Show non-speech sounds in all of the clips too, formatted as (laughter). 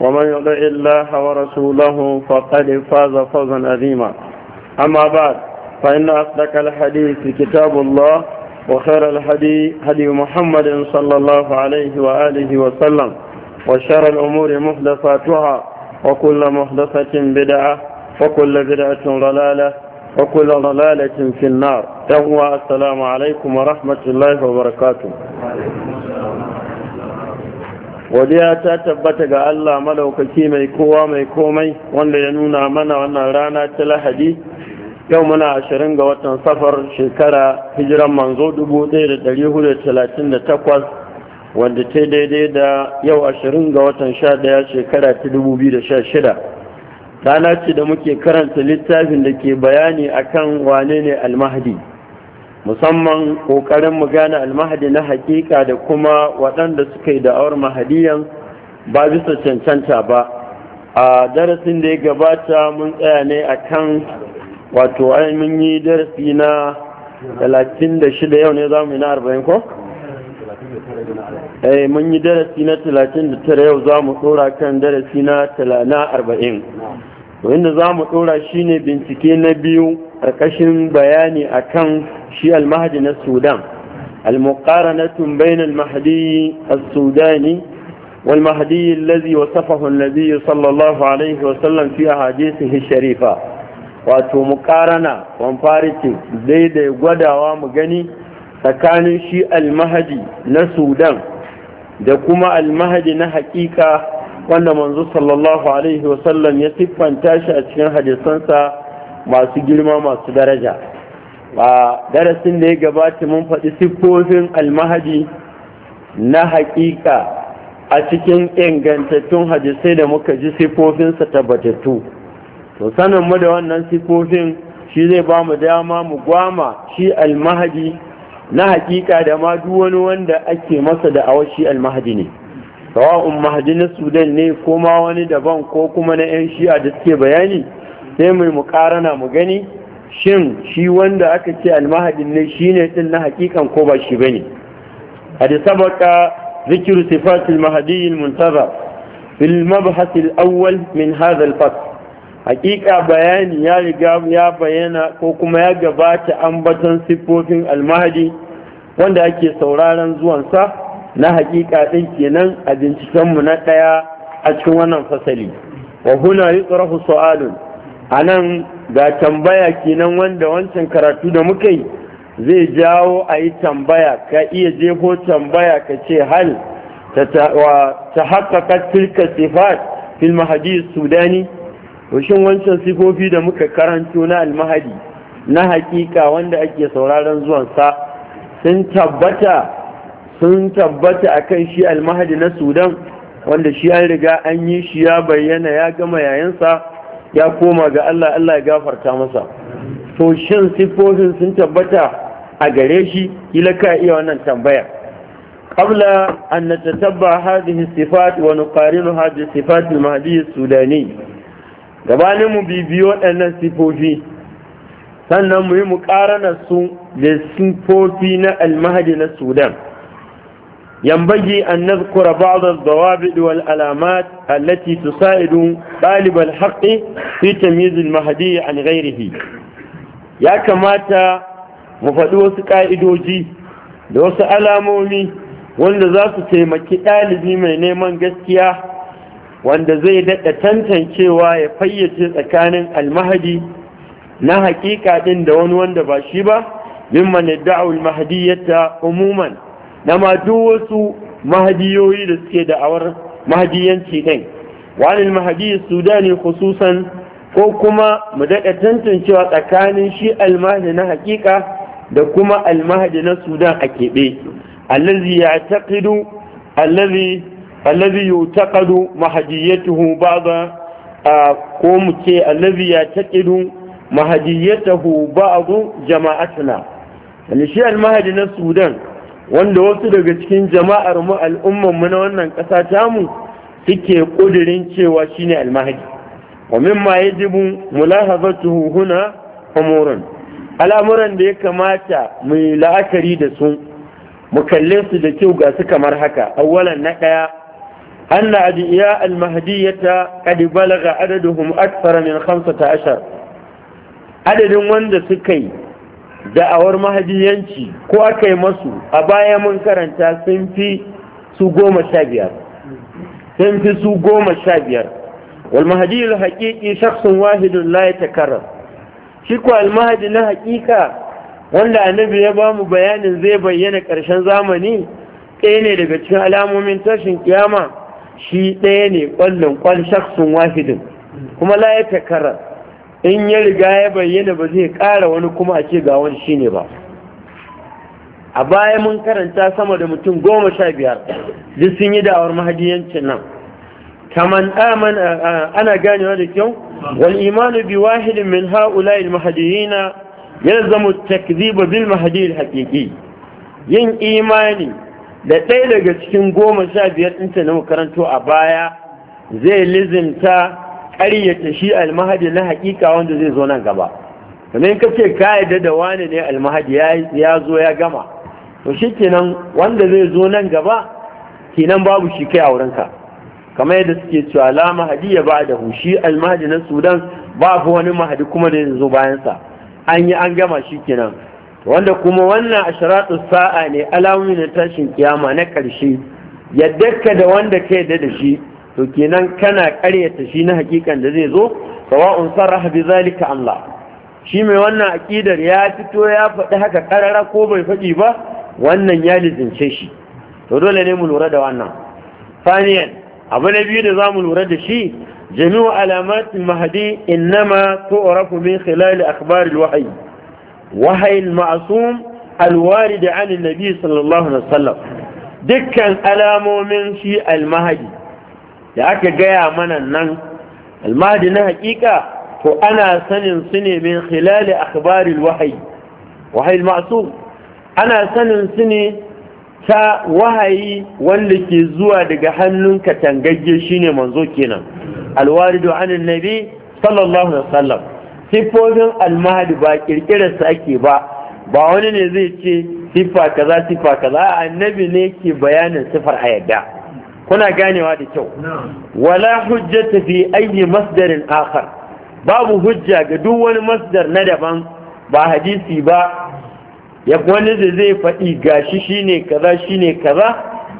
ومن يطع الله ورسوله فقد فاز فوزا عظيما أما بعد فإن أصدق الحديث كتاب الله وخير الحديث هدي محمد صلى الله عليه وآله وسلم وشر الأمور محدثاتها وكل محدثة بدعة وكل بدعة ضلالة وكل ضلالة في النار يهوى السلام عليكم ورحمة الله وبركاته godiya ta tabbata ga Allah madaukaki mai kowa mai komai wanda ya nuna mana wannan rana ta lahadi yau muna ashirin ga watan safar shekara hijiran manzo 1438 wanda ta daidai da yau ashirin ga watan ɗaya shekara ta 2016 rana ce da muke karanta littafin da ke bayani akan wane ne almahdi musamman ƙoƙarin mu gane almahadi na hakika da kuma waɗanda suka yi da'awar mahadiyan ba bisa cancanta ba a darasin da ya gabata mun tsaya ne a kan wato mun yi darasi na 36 yau ne za mu yi na 40 ko? eh mun yi darasi na 39 yau za mu tsora kan darasi na 40 wanda za mu ɗora shine bincike na biyu ƙarƙashin bayani akan kan shi almahadi na sudan المقارنة بين المهدي السوداني والمهدي الذي وصفه النبي صلى الله عليه وسلم في أحاديثه الشريفة wato mukarana kwamfariti daidai gwadawa mu gani tsakanin shi almahadi na sudan da kuma almahadi na hakika wanda manzo sallallahu alaihi wasallam ya siffanta shi a cikin hadisansa masu girma masu daraja ba darasin da ya gabata mun faɗi siffofin almahadi na haƙiƙa a cikin ingantattun hadisai da muka ji siffofinsa tabbatattu to sanin mu da wannan siffofin shi zai ba mu dama mu gwama shi almahadi na haƙiƙa da ma duk wani wanda ake masa da awashi almahadi ne sawa'un mahadi na sudan ne ko ma wani daban ko kuma na 'yan shi'a da suke bayani sai mai mukarana mu gani shin shi wanda aka ce almahadin ne shi ne din na hakikan ko ba shi bane hadi sabaka zikiru sifatil mahadi muntaza fil mabhath al awwal min hadha al fath hakika bayani ya riga ya bayyana ko kuma ya gabata ambaton sifofin almahadi wanda ake sauraron zuwansa na hakika din kenan a binciken mu na ɗaya a cikin wannan fasali wa huna yutrahu su'alun anan ga tambaya kenan wanda wancan karatu da muka yi zai jawo a yi tambaya ka iya jefo tambaya ka ce hal ta haƙaƙa tilka sifat fil mahadi sudani shin wancan sifofi da muka karanto na almahadi na hakika wanda ake sauraron zuwansa sun tabbata sun tabbata akan shi almahadi na sudan wanda shi an riga an yi shi ya bayyana ya gama yayansa ya koma ga allah allah ya gafarta masa to shin sun tabbata a gare shi ila ka iya wannan tambaya qabla an natatabba hadhihi sifat wa nuqarinuha bi sifat al-mahdi sudani gabanin mu bibiyo waɗannan sifofi sannan mu yi muƙaranar su da sifofi na al-mahdi na sudan ينبغي أن نذكر بعض الضوابط والعلامات التي تساعد طالب الحق في تمييز المهدي عن غيره يا كماتا مفدوس قائدوجي دوس alamomi wanda za su taimaki ɗalibi mai neman gaskiya wanda zai daɗa tantancewa ya fayyace tsakanin almahadi na haƙiƙa ɗin da wani wanda ba shi ba mimman da'ul mahadiyyata umuman da ma duk wasu mahadiyoyi da suke da'awar mahadiyanci ɗin wani mahadi sudani khususan ko kuma mu daɗa tantancewa tsakanin shi almahdi na hakika da kuma almahdi na sudan a keɓe allazi ya taqidu allazi allazi yutaqadu mahadiyatuhu ba'da ko mu ce allazi ya taqidu mahadiyatahu ba'du jama'atuna shi al-mahadi na Sudan wanda wasu daga cikin jama'ar mu al'umman mu na wannan ƙasa mu suke ƙudirin cewa shine almahdi wa mimma yajibu mulahazatuhu huna umurun al'amuran da ya kamata mu la'akari da su mu kalle su da kyau ga su kamar haka awwalan na ɗaya أن أدعياء المهدية qad balagha adaduhum akthara min 15 Adadin wanda suka yi. da'awar mahajiyanci ko aka yi masu a baya mun karanta sun fi su goma sha biyar sun fi su goma sha biyar wal mahadiyul haƙiƙi shakhsun wahidun la ya shi ko al mahaji na haƙiƙa wanda annabi ya ba mu bayanin zai bayyana ƙarshen zamani ɗaya ne daga cikin alamomin tashin kiyama shi ɗaya ne ƙwallon ƙwal shakhsun wahidun kuma la ya in ya riga ya bayyana ba zai ƙara wani kuma a ce ga wani shine ba a baya mun karanta sama da mutum goma sha biyar duk sun yi da'awar mahadiyancin nan kaman aman ana ganewa da kyau wal imanu bi wahidin min ha'ula'il mahadiyina yalzamu takziba bil mahadi haqiqi yin imani da ɗaya daga cikin goma sha biyar ɗinta na makarantu a baya zai lizinta ƙaryata shi almahadi na haƙiƙa wanda zai zo nan gaba kamar ka ce ka yadda da wani ne almahadi ya zo ya gama to shi kenan wanda zai zo nan gaba kenan babu shi kai a wurinka kamar yadda suke cewa la mahadi ya ba da shi almahadi na sudan babu wani mahadi kuma da zai zo bayansa an yi an gama shi kenan wanda kuma wannan asharatu sa'a ne alamomi na tashin kiyama na ƙarshe yadda ka da wanda ka yadda da shi to kenan kana karyata shi na hakikan da zai zo sawa'un sarraha bi zalika Allah shi mai wannan aƙidar ya fito ya faɗi haka karara ko bai faɗi ba wannan ya lizince shi to dole ne mu lura da wannan faniyan abu na biyu da zamu lura da shi jami'u alamat mahdi innama tu'rafu min khilal akhbar wahyi wahyi masum al-warid 'an an-nabi sallallahu alaihi wasallam dukkan alamomin shi al-mahdi da aka gaya mana nan almahdi na hakika to ana sanin su ne min khilali akhbaril wahayi wahayi masu ana sanin su ne ta wahayi wanda ke zuwa daga hannun katangagge shine manzo kenan alwaridu anin nabi sallallahu alaihi wasallam sifofin almahdi ba ƙirƙirarsa ake ba ba wani ne zai ce sifa kaza sifa kaza annabi ne ke bayanin sifar a yadda kuna ganewa da kyau wala hujjata fi ayyi masdarin akhar babu hujja ga duk wani masdar na daban ba hadisi ba ya wani da zai faɗi gashi shine kaza shine kaza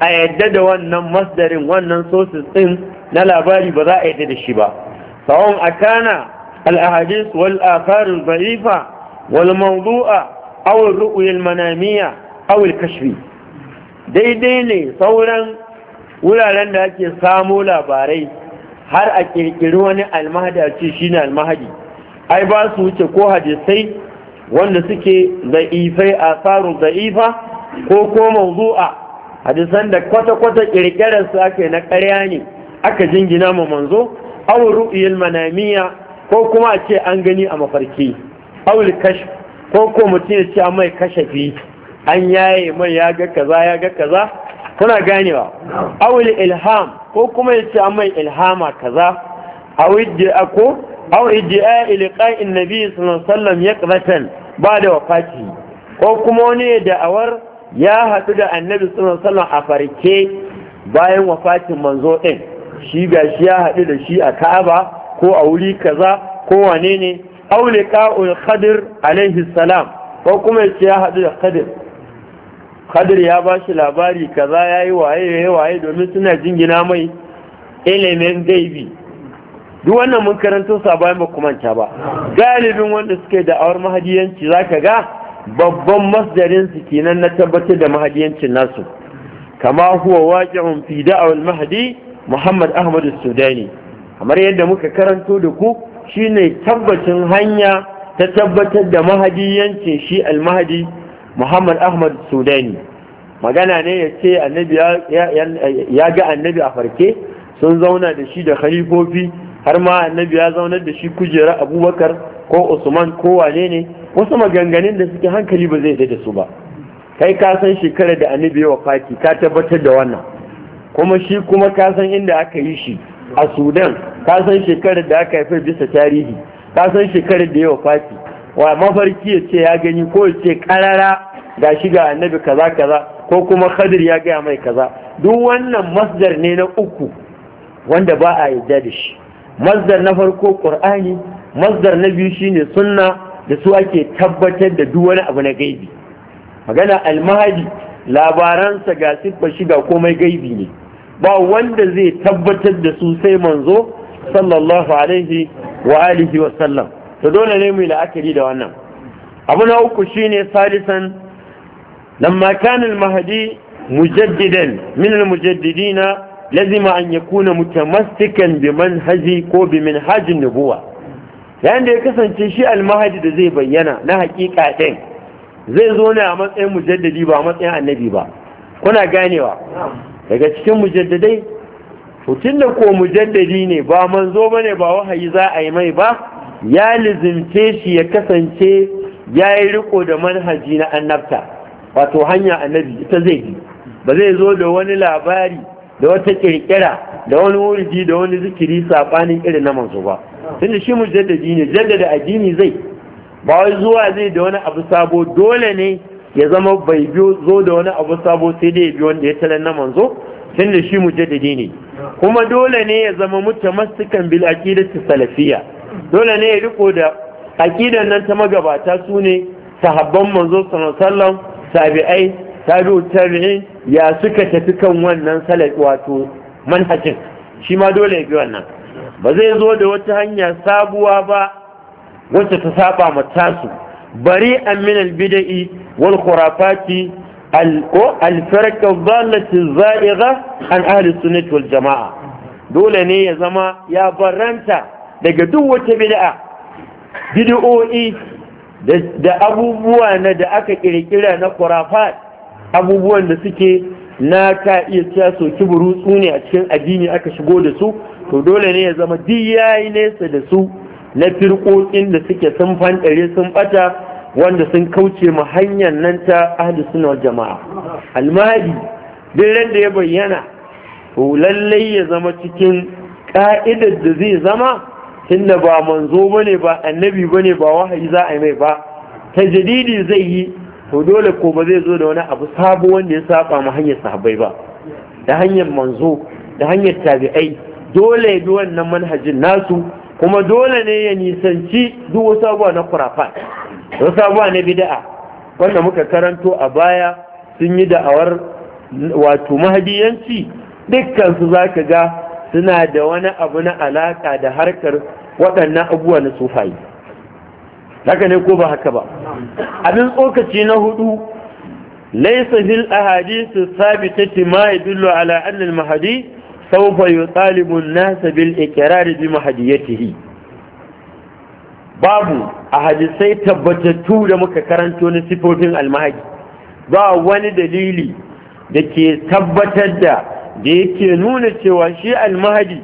a yadda da wannan masdarin wannan sources din na labari ba za a yadda da shi ba sawon akana al-ahadis wal akhar al-da'ifa wal mawdu'a aw ar-ru'ya al-manamiyya aw al-kashfi daidai ne sauran wuraren da ake samo labarai har a kirkiri wani almahadi a ce shi ne almahadi ai ba su wuce ko hadisai wanda suke za'ifai a tsarin za'ifa ko ko mawzu'a hadisan da kwata-kwata ƙirƙirar su ake na ƙarya ne aka jingina ma manzo aw ru'yil manamiya ko kuma a ce an gani a mafarki aw kashf ko ko mutum ya ce mai kashafi an yaye mai ya ga kaza ya ga kaza kuna ganewa awul ilham ko kuma yace an mai ilhama kaza awidda ako ko aw idda ilqa'i annabi sallallahu alaihi wasallam yaqbatan ba'da wafati ko kuma wani da'awar ya haɗu da annabi sallallahu alaihi wasallam a farke bayan wafatin manzo din shi ga shi ya haɗu da shi a Ka'aba ko a wuri kaza ko wane ne aw liqa'ul khadir alaihi salam ko kuma yace ya haɗu da khadir khadir ya ba shi labari kaza ya yi waye ya yi waye domin suna jingina mai ilimin gaibi duk wannan mun karanto bayan ba kumanta ba galibin wanda suke da awar mahadiyanci za ka ga babban masdarin su kenan na tabbatar da mahadiyancin nasu kama huwa waqi'un fi da'awal mahdi Muhammad Ahmad Sudani kamar yadda muka karanto da ku shine tabbacin hanya ta tabbatar da mahadiyancin shi al-mahdi muhammad ahmad sudani magana ne ya ce annabi ya ga annabi a farke sun zauna da shi da khalifofi har ma annabi ya zaunar da shi kujera abubakar ko usman ko wane ne wasu maganganun da suke hankali ba zai da su ba kai ka san shekarar da annabi wa fati ka tabbatar da wannan kuma shi kuma ka san inda aka yi shi a sudan ka san shekarar da aka haifa bisa tarihi ka san shekarar da ya fati wa mafarki ya ce ya gani ko ya ce karara ga shi ga annabi kaza kaza ko kuma khadir ya gaya mai kaza duk wannan masdar ne na uku wanda ba a yarda da shi masdar na farko qur'ani masdar na biyu shine sunna da su ake tabbatar da duk wani abu na gaibi magana almahadi labaransa ga siffa shi ga komai gaibi ne ba wanda zai tabbatar da su sai manzo sallallahu alaihi wa alihi wa sallam to dole ne mu yi la'akari da wannan abu na uku shine salisan nan kana mahdi mujaddidan min al na lazima an yakuna mutamassikan bi manhaji ko bi manhajin nubuwa yayin da ya kasance shi al-mahdi da zai bayyana na hakika din zai zo ne a matsayin mujaddidi ba a matsayin annabi ba kuna ganewa daga cikin mujaddadai to da ko mujaddadi ne ba manzo ba ne ba wahayi za a yi mai ba ya lizimce shi ya kasance ya yi riko da manhaji na annabta wato hanya annabi ita zai bi ba zai zo da wani labari da wata kirkira da wani wurji da wani zikiri sabanin irin na manzo ba tunda shi mujaddadi ne jaddada addini zai ba wai zuwa zai da wani abu sabo dole ne ya zama bai biyo zo da wani abu sabo sai dai ya bi wanda ya tarar na manzo tunda shi mujaddadi ne kuma dole ne ya zama mutamassikan bil aqidati salafiyya dole ne ya riko da aqidan nan ta magabata su ne sahabban manzo sallallahu tabi'ai tabi'u tabi'in ya suka tafi kan wannan salafi wato manhajin shi ma dole ya bi wannan ba zai zo da wata hanya sabuwa ba wacce ta saba ma tasu bari an min albida'i wal khurafati ko alfarka zalati za'iga an ahli sunnah wal jama'a dole ne ya zama ya baranta daga duk wata bid'a bid'o'i da abubuwa na da aka kirkira na kurafat abubuwan da suke na ka iya cewa soki burutsu ne a cikin addini aka shigo da su to dole ne ya zama duk yayi nesa da su na firƙoƙin da suke sun fanɗare sun bata wanda sun kauce mu hanyar nan ta ahli sunna jama'a almahdi duk da ya bayyana to lallai ya zama cikin ka'idar da zai zama tunda ba manzo bane ba annabi bane ba wahayi za a yi mai ba ta tajdidi zai yi to dole ko ba zai zo da wani abu sabo wanda ya saba ma hanyar sahabbai ba da hanyar manzo da hanyar tabi'ai dole bi wannan manhajin nasu kuma dole ne ya nisanci duk wasu abuwa na kurafa wasu abuwa na bida'a wanda muka karanto a baya sun yi da'awar wato mahadiyanci dukkan su zaka ga suna da wani abu na alaka da harkar waɗannan abubuwa na tsufaye haka ne ko ba haka ba abin tsokaci na hudu laisa fil ahadisu sabitati ma yadullu ala anna al mahdi sawfa yutalibu an-nas bil iqrar bi mahdiyatihi babu ahadisai tabbatattu da muka karanto na sifofin almahadi ba wani dalili da ke tabbatar da da yake nuna cewa shi almahadi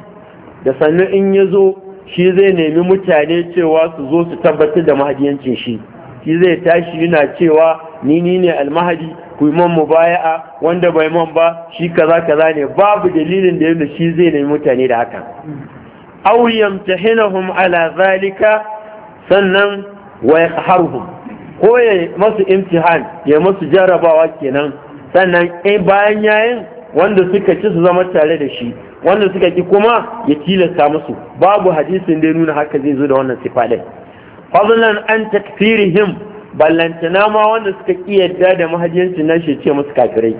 da sannan in ya zo shi zai nemi mutane cewa su zo su tabbatar da mahadiyancin shi shi zai tashi yana cewa ni ni ne almahadi ku yi man mubaya'a wanda bai man ba shi kaza kaza ne babu dalilin da yadda shi zai nemi mutane da haka aw yamtahinahum ala zalika sannan wa yaqharuhum ko ya masu imtihan ya masu jarabawa kenan sannan eh, bayan yayin wanda suka ci su zama tare da shi wanda suka ki kuma ya tilasta musu babu hadisin da ya nuna haka zai zo da wannan sifa din fadlan an takfirihim ballantana ma wanda suka ki yadda da mahadiyanci na shi ce musu kafirai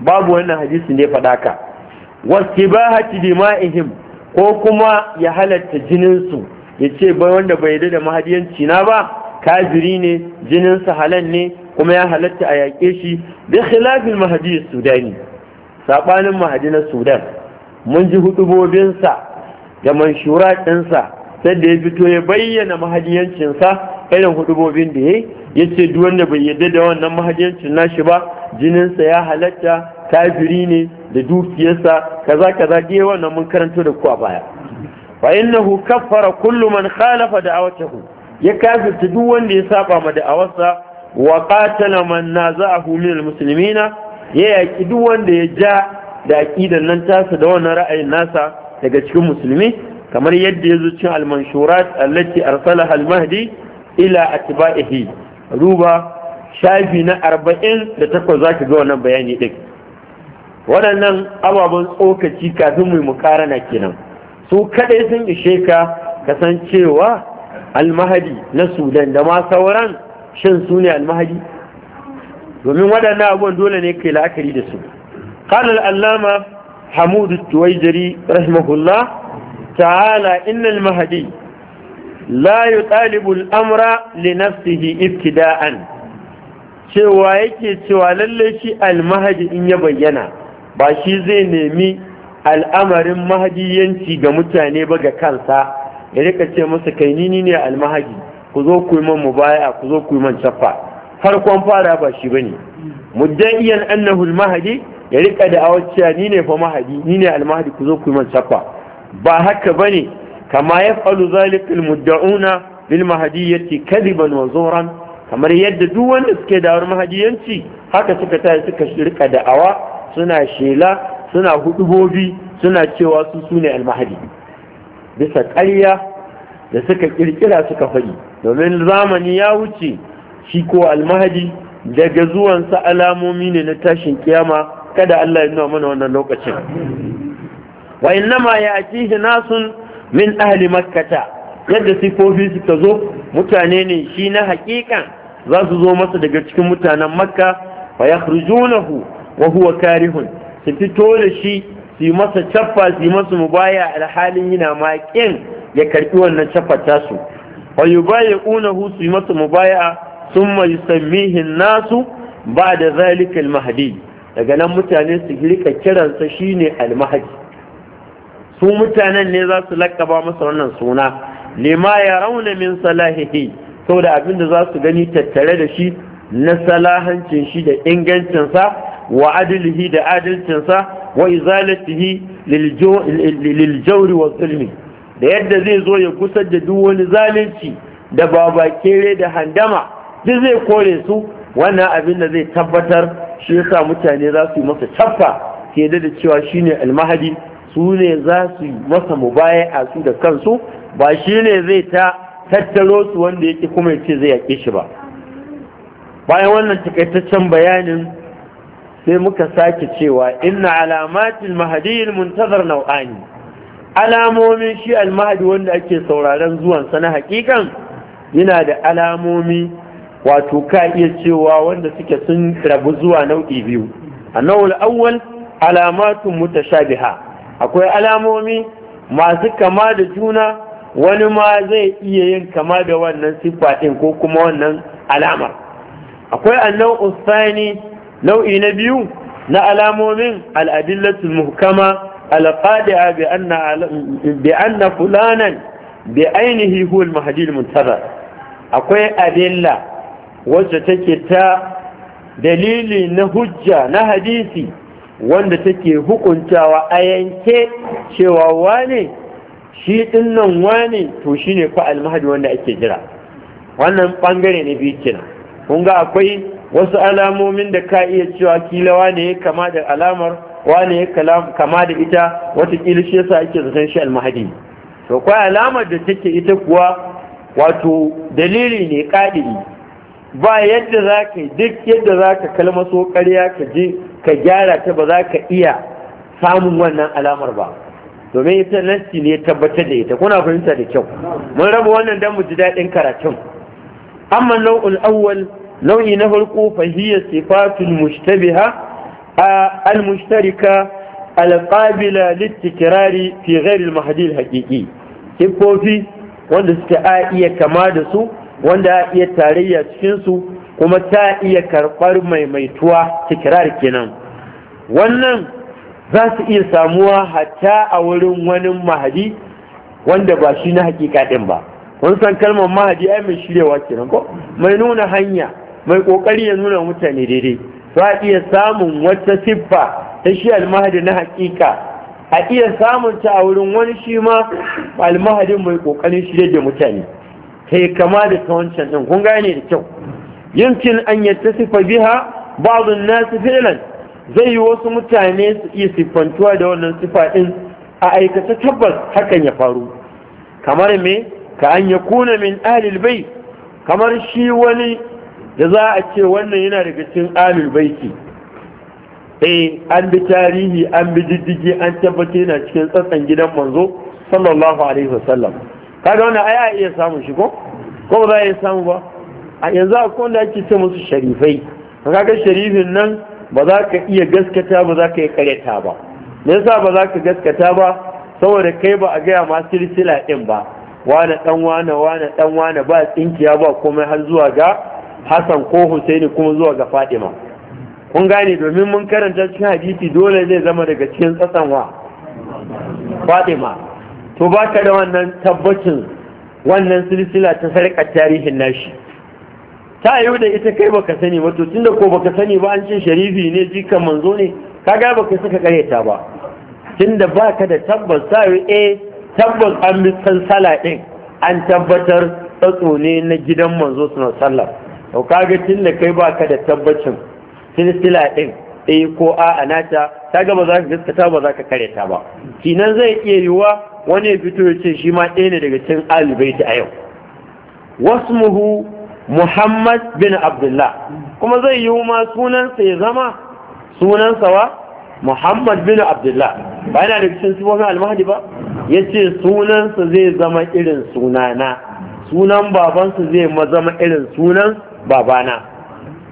babu wannan hadisin da ya faɗa ka wasibahati dima'ihim ko kuma ya halatta jininsu ya ce bai wanda bai yadda da mahajiyanci na ba kafiri ne jininsa halal ne kuma ya halatta a yaƙe shi da khilafin mahadi sudani saɓanin mahadi na sudan mun ji hudubobinsa da manshura sai da ya fito ya bayyana mahadiyancinsa irin hudubobin da ya ya ce duk wanda bai yarda da wannan mahadiyancin nashi ba jininsa ya halatta kafiri ne da dukiyarsa kaza kaza dai wannan mun karanto da ku a baya fa innahu kaffara kullu man khalafa da'awatahu ya kafirta duk wanda ya saba ma da'awarsa wa qatala man naza'ahu min almuslimina ya yaki duk wanda ya ja da aqidan nan tasa da wannan ra'ayin nasa daga cikin musulmi kamar yadda yazo cikin al-manshurat allati arsalaha al-mahdi ila atba'ihi ruba shafi na arba'in da takwas za ka ga wannan bayani ɗin waɗannan ababen tsokaci kafin mai mukarana kenan su kaɗai sun ishe ka kasancewa almahadi na sudan da ma sauran shin su ne almahadi domin waɗannan abubuwan dole ne kai la'akari da su قال العلامة حمود التويجري رحمه الله layu إن amra لا يطالب الأمر لنفسه ابتداء cewa yake cewa lallai shi almahadi in ya bayyana ba shi zai nemi al'amarin mahadiyanci ga mutane ba ga kansa ya rika ce masa kai nini ne almahadi ku zo ku yi man mubaya ku zo ku yi man caffa farkon fara ba shi bane mudda'iyan annahul almahadi ya rika da awaciya ni ne fa mahadi ni ne almahadi ku zo ku yi man ba haka bane kama yaf'alu zalika almuddauna bil mahdiyyati kadiban wa zuhran kamar yadda duk wanda suke dawar mahadiyanci haka suka tayi suka rika da awa suna shela suna hudubobi suna cewa su sune almahadi bisa ƙarya da suka kirkira suka faɗi domin zamani ya wuce shi ko almahadi daga zuwansa alamomi ne na tashin kiyama kada Allah ya nuna mana wannan lokacin wa innama ya atihi nasun min ahli makkata yadda sifofi suka zo mutane ne shi na hakikan za su zo masa daga cikin mutanen makka fa yakhrujunahu wa huwa karihun su fito da shi su yi masa caffa su yi masa mubaya alhalin yana maƙin ya karɓi wannan caffa tasu wa yubayi'unahu su yi masa mubaya summa yusammihi nasu ba da zalika al-mahdi daga nan mutane su rika kiransa shine almahadi su mutanen ne za su lakaba masa wannan suna lima ya rauna min salahihi saboda abin da za su gani tattare da shi na salahancin shi da ingancinsa wa adilihi da adalcinsa wa izalatihi lil wa zulmi da yadda zai zo ya kusar da duk wani zalunci da babakere da handama duk zai kore su wannan abin da zai tabbatar shi yasa mutane za su yi masa caffa ke da cewa shi ne almahadi su ne za su yi masa a su da kansu ba shi ne zai ta tattaro su wanda yake kuma yace ce zai yaƙe shi ba bayan wannan takaitaccen bayanin sai muka sake cewa inna alamatin al muntazar nau'ani alamomin shi almahadi wanda ake sauraron sa na hakikan yana da alamomi wato ka iya cewa wanda suke sun rabu zuwa nau'i biyu a nau'ul awwal alamatun mutashabiha akwai alamomi masu kama da juna wani ma zai iya yin kama da wannan siffa ɗin ko kuma wannan alamar akwai annau'u tsani nau'i na biyu na alamomin al'adillatul muhkama alqadi'a bi anna bi anna fulanan bi ainihi huwa al-mahdi akwai adilla wacce take ta dalili na hujja na hadisi wanda take hukuntawa a yanke cewa wane shi dinnan wane to shine fa almahdi wanda ake jira wannan bangare ne biyu kun ga akwai wasu alamomin da ka iya cewa kila wane ya kama da alamar wane ya kama da ita watakila shi yasa ake zaton shi almahadi to kwai alamar da take ita kuwa wato dalili ne ƙa'idi ba yadda za ka duk yadda za ka kalmaso ƙarya ka je ka gyara ta ba za ka iya samun wannan alamar ba domin ita nassi ne tabbatar da ita kuna fahimta da kyau mun raba wannan dan mu ji daɗin karatun amma nau'in awwal nau'i na farko fahiya sifatul mushtabiha al mushtarika al qabila litikrari fi ghairi al haqiqi sifofi wanda suka iya kama da su wanda iya tarayya cikinsu kuma ta iya karɓar maimaituwa tikirar kenan wannan za su iya samuwa hatta a wurin wani mahadi wanda ba shi na hakika ɗin ba wani san kalmar mahadi ai mai shirewa kenan ko mai nuna hanya mai ƙoƙari ya nuna mutane daidai za a iya samun wata siffa ta shi almahadi na hakika a iya samun ta a wurin wani shi ma almahadin mai ƙoƙarin shirye da mutane kai kama da ta wancan din kun gane da kyau yankin an sifa biha ba'd nasu nas fi'lan zai yi wasu mutane su iya siffantuwa da wannan sifa din a aikata tabbas hakan ya faru kamar me ka an kuna min ahlil bai? kamar shi wani da za a ce wannan yana daga cikin bai ce. eh an bi tarihi an bi diddigi an tabbata yana cikin tsatsan gidan manzo sallallahu alaihi wasallam kaga wannan ai ai iya samu shi ko ko ba za a samu ba a yanzu akwai wanda ake ce musu sharifai kaga sharifin nan ba za ka iya gaskata ba za ka iya karyata ba me yasa ba za ka gaskata ba saboda kai ba a gaya ma silsila din ba wane dan wane wane dan wane ba tsinkiya ba komai har zuwa ga Hassan ko Husaini kuma zuwa ga Fatima kun gane domin mun karanta cikin hadisi dole zai zama daga cikin tsatsanwa Fatima to ba ka da wannan tabbacin wannan silsila ta sarƙa tarihin nashi ta yi da ita kai baka sani ba to tunda ko baka sani ba an cin sharifi ne jikan manzo ne ka ga baka saka karyata ba tunda ka da tabbas ta yi eh tabbas an bi san sala din an tabbatar tsatso ne na gidan manzo suna sallah to ga tunda kai baka da tabbacin silsila din eh ko a anata Ta ba za ka gaskata ba za ka karyata ba kinan zai iya yiwuwa wani ya fito ya ce shi ma ɗaya ne daga cikin alibai a yau Wasu muhu muhammad bin abdullah kuma zai yi ma sunansa ya zama sunansa wa muhammad bin abdullah ba yana daga cikin sifofin almahdi ba ya ce sunansa zai zama irin sunana sunan babansa zai zama irin sunan babana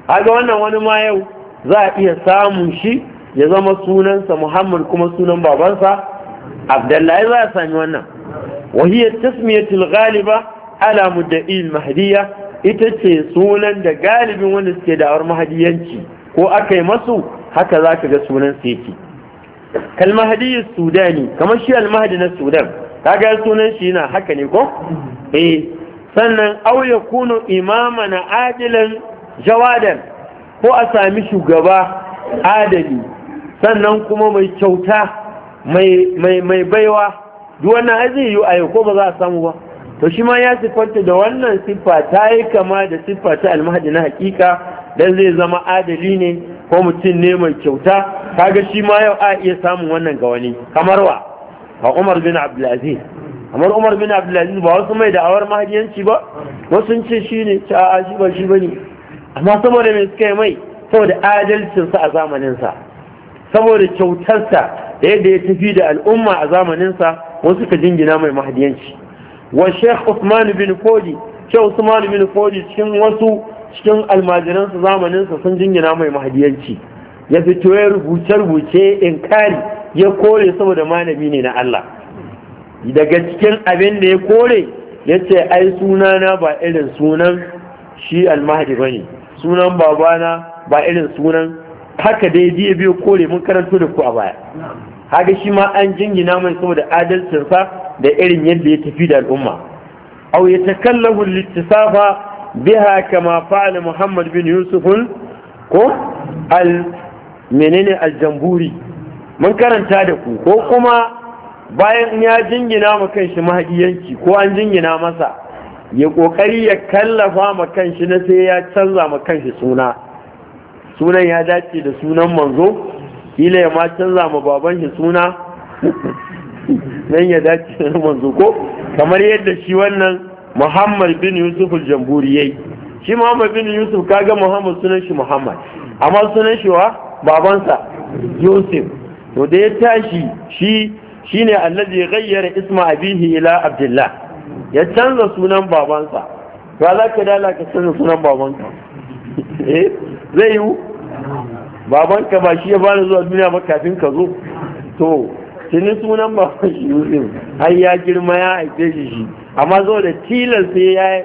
haga wannan wani ma yau za a iya samun shi ya zama sunansa muhammad kuma sunan babansa abdullahi za a sami wannan wahiyar tasmiyatul galiba ala mudda'il mahdiya ita ce sunan da galibin wanda suke da'awar mahadiyanci ko aka yi masu haka za ka ga sunan su yake kalmahadiyyar sudani kamar shi mahdi na sudan ta ga sunan shi yana haka ne ko eh sannan auya kunu imama na adilan jawadan ko a sami shugaba adali sannan kuma mai kyauta mai baiwa duk ai zai yi ayo ko ba za a samu ba to shi ma ya sifanta da wannan siffa ta yi kama da siffa ta almahadi na hakika dan zai zama adali ne ko mutum ne mai kyauta kaga shi ma yau a iya samun wannan ga wani kamar wa a Umar bin Abdulaziz kamar Umar bin Abdulaziz ba wasu mai da'awar mahadiyanci ba wasu ce shi ne ta aji ba shi bane amma saboda me suka yi mai saboda sa a zamaninsa saboda kyautarsa da yadda ya tafi da al'umma a zamaninsa wasu ka jingina mai mahadiyanci wa sheikh usman bin fodi sheikh usman bin fodi cikin wasu cikin almajiransa zamaninsa sun jingina mai mahadiyanci ya fito ya rubuce-rubuce inkari ya kore saboda malami ne na Allah daga cikin abin da ya kore ya ce ai sunana ba irin sunan shi almahdi bane sunan babana ba irin sunan haka dai biye biyo kore mun karanto da ku a baya haka shi ma an jingina mai saboda adalcinsa da irin yadda ya tafi da al'umma aw yatakallahu littisafa biha kama fa'ala muhammad bin yusuf ko al menene jamburi mun karanta da ku ko kuma bayan ya jingina ma kanshi mahadiyanci ko an jingina masa ya kokari ya kallafa ma kanshi na sai ya canza ma kanshi suna sunan ya dace da sunan manzo ila ya ma canza ma baban shi suna nan ya dace da manzo ko kamar yadda shi wannan muhammad bin yusuf al-jamburi yayi shi muhammad bin yusuf kaga muhammad sunan shi muhammad amma sunan shi wa babansa yusuf to da ya tashi shi shine allazi ghayyara isma abihi ila abdullah ya canza sunan babansa ba za ka dala ka canza sunan babanka eh zai yiwu babanka ba shi ya bani zuwa duniya ba kafin ka zo to tuni sunan baban shi yusuf har ya girma ya haife shi shi amma zo da tilar sai ya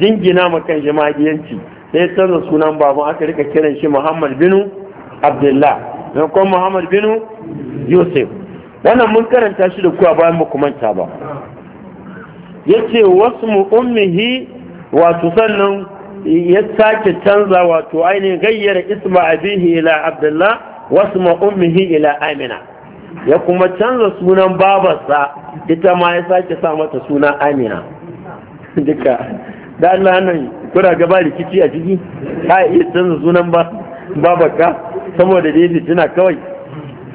jingina ma kan shi magiyanci sai canza sunan baban aka rika kiran shi muhammad binu abdullah don kuma muhammad binu yusuf wannan mun karanta shi da kuwa bayan ba manta ba yace wasu mu ummihi wato sannan ya sake canza wato ainihin gayyara isma abihi ila abdullah wasu ummihi ila amina ya kuma canza sunan babarsa ita ma ya sake sa mata suna amina (laughs) duka da Allah nan kuna gaba rikici a ciki ka iya canza sunan babarka saboda da yake tuna kawai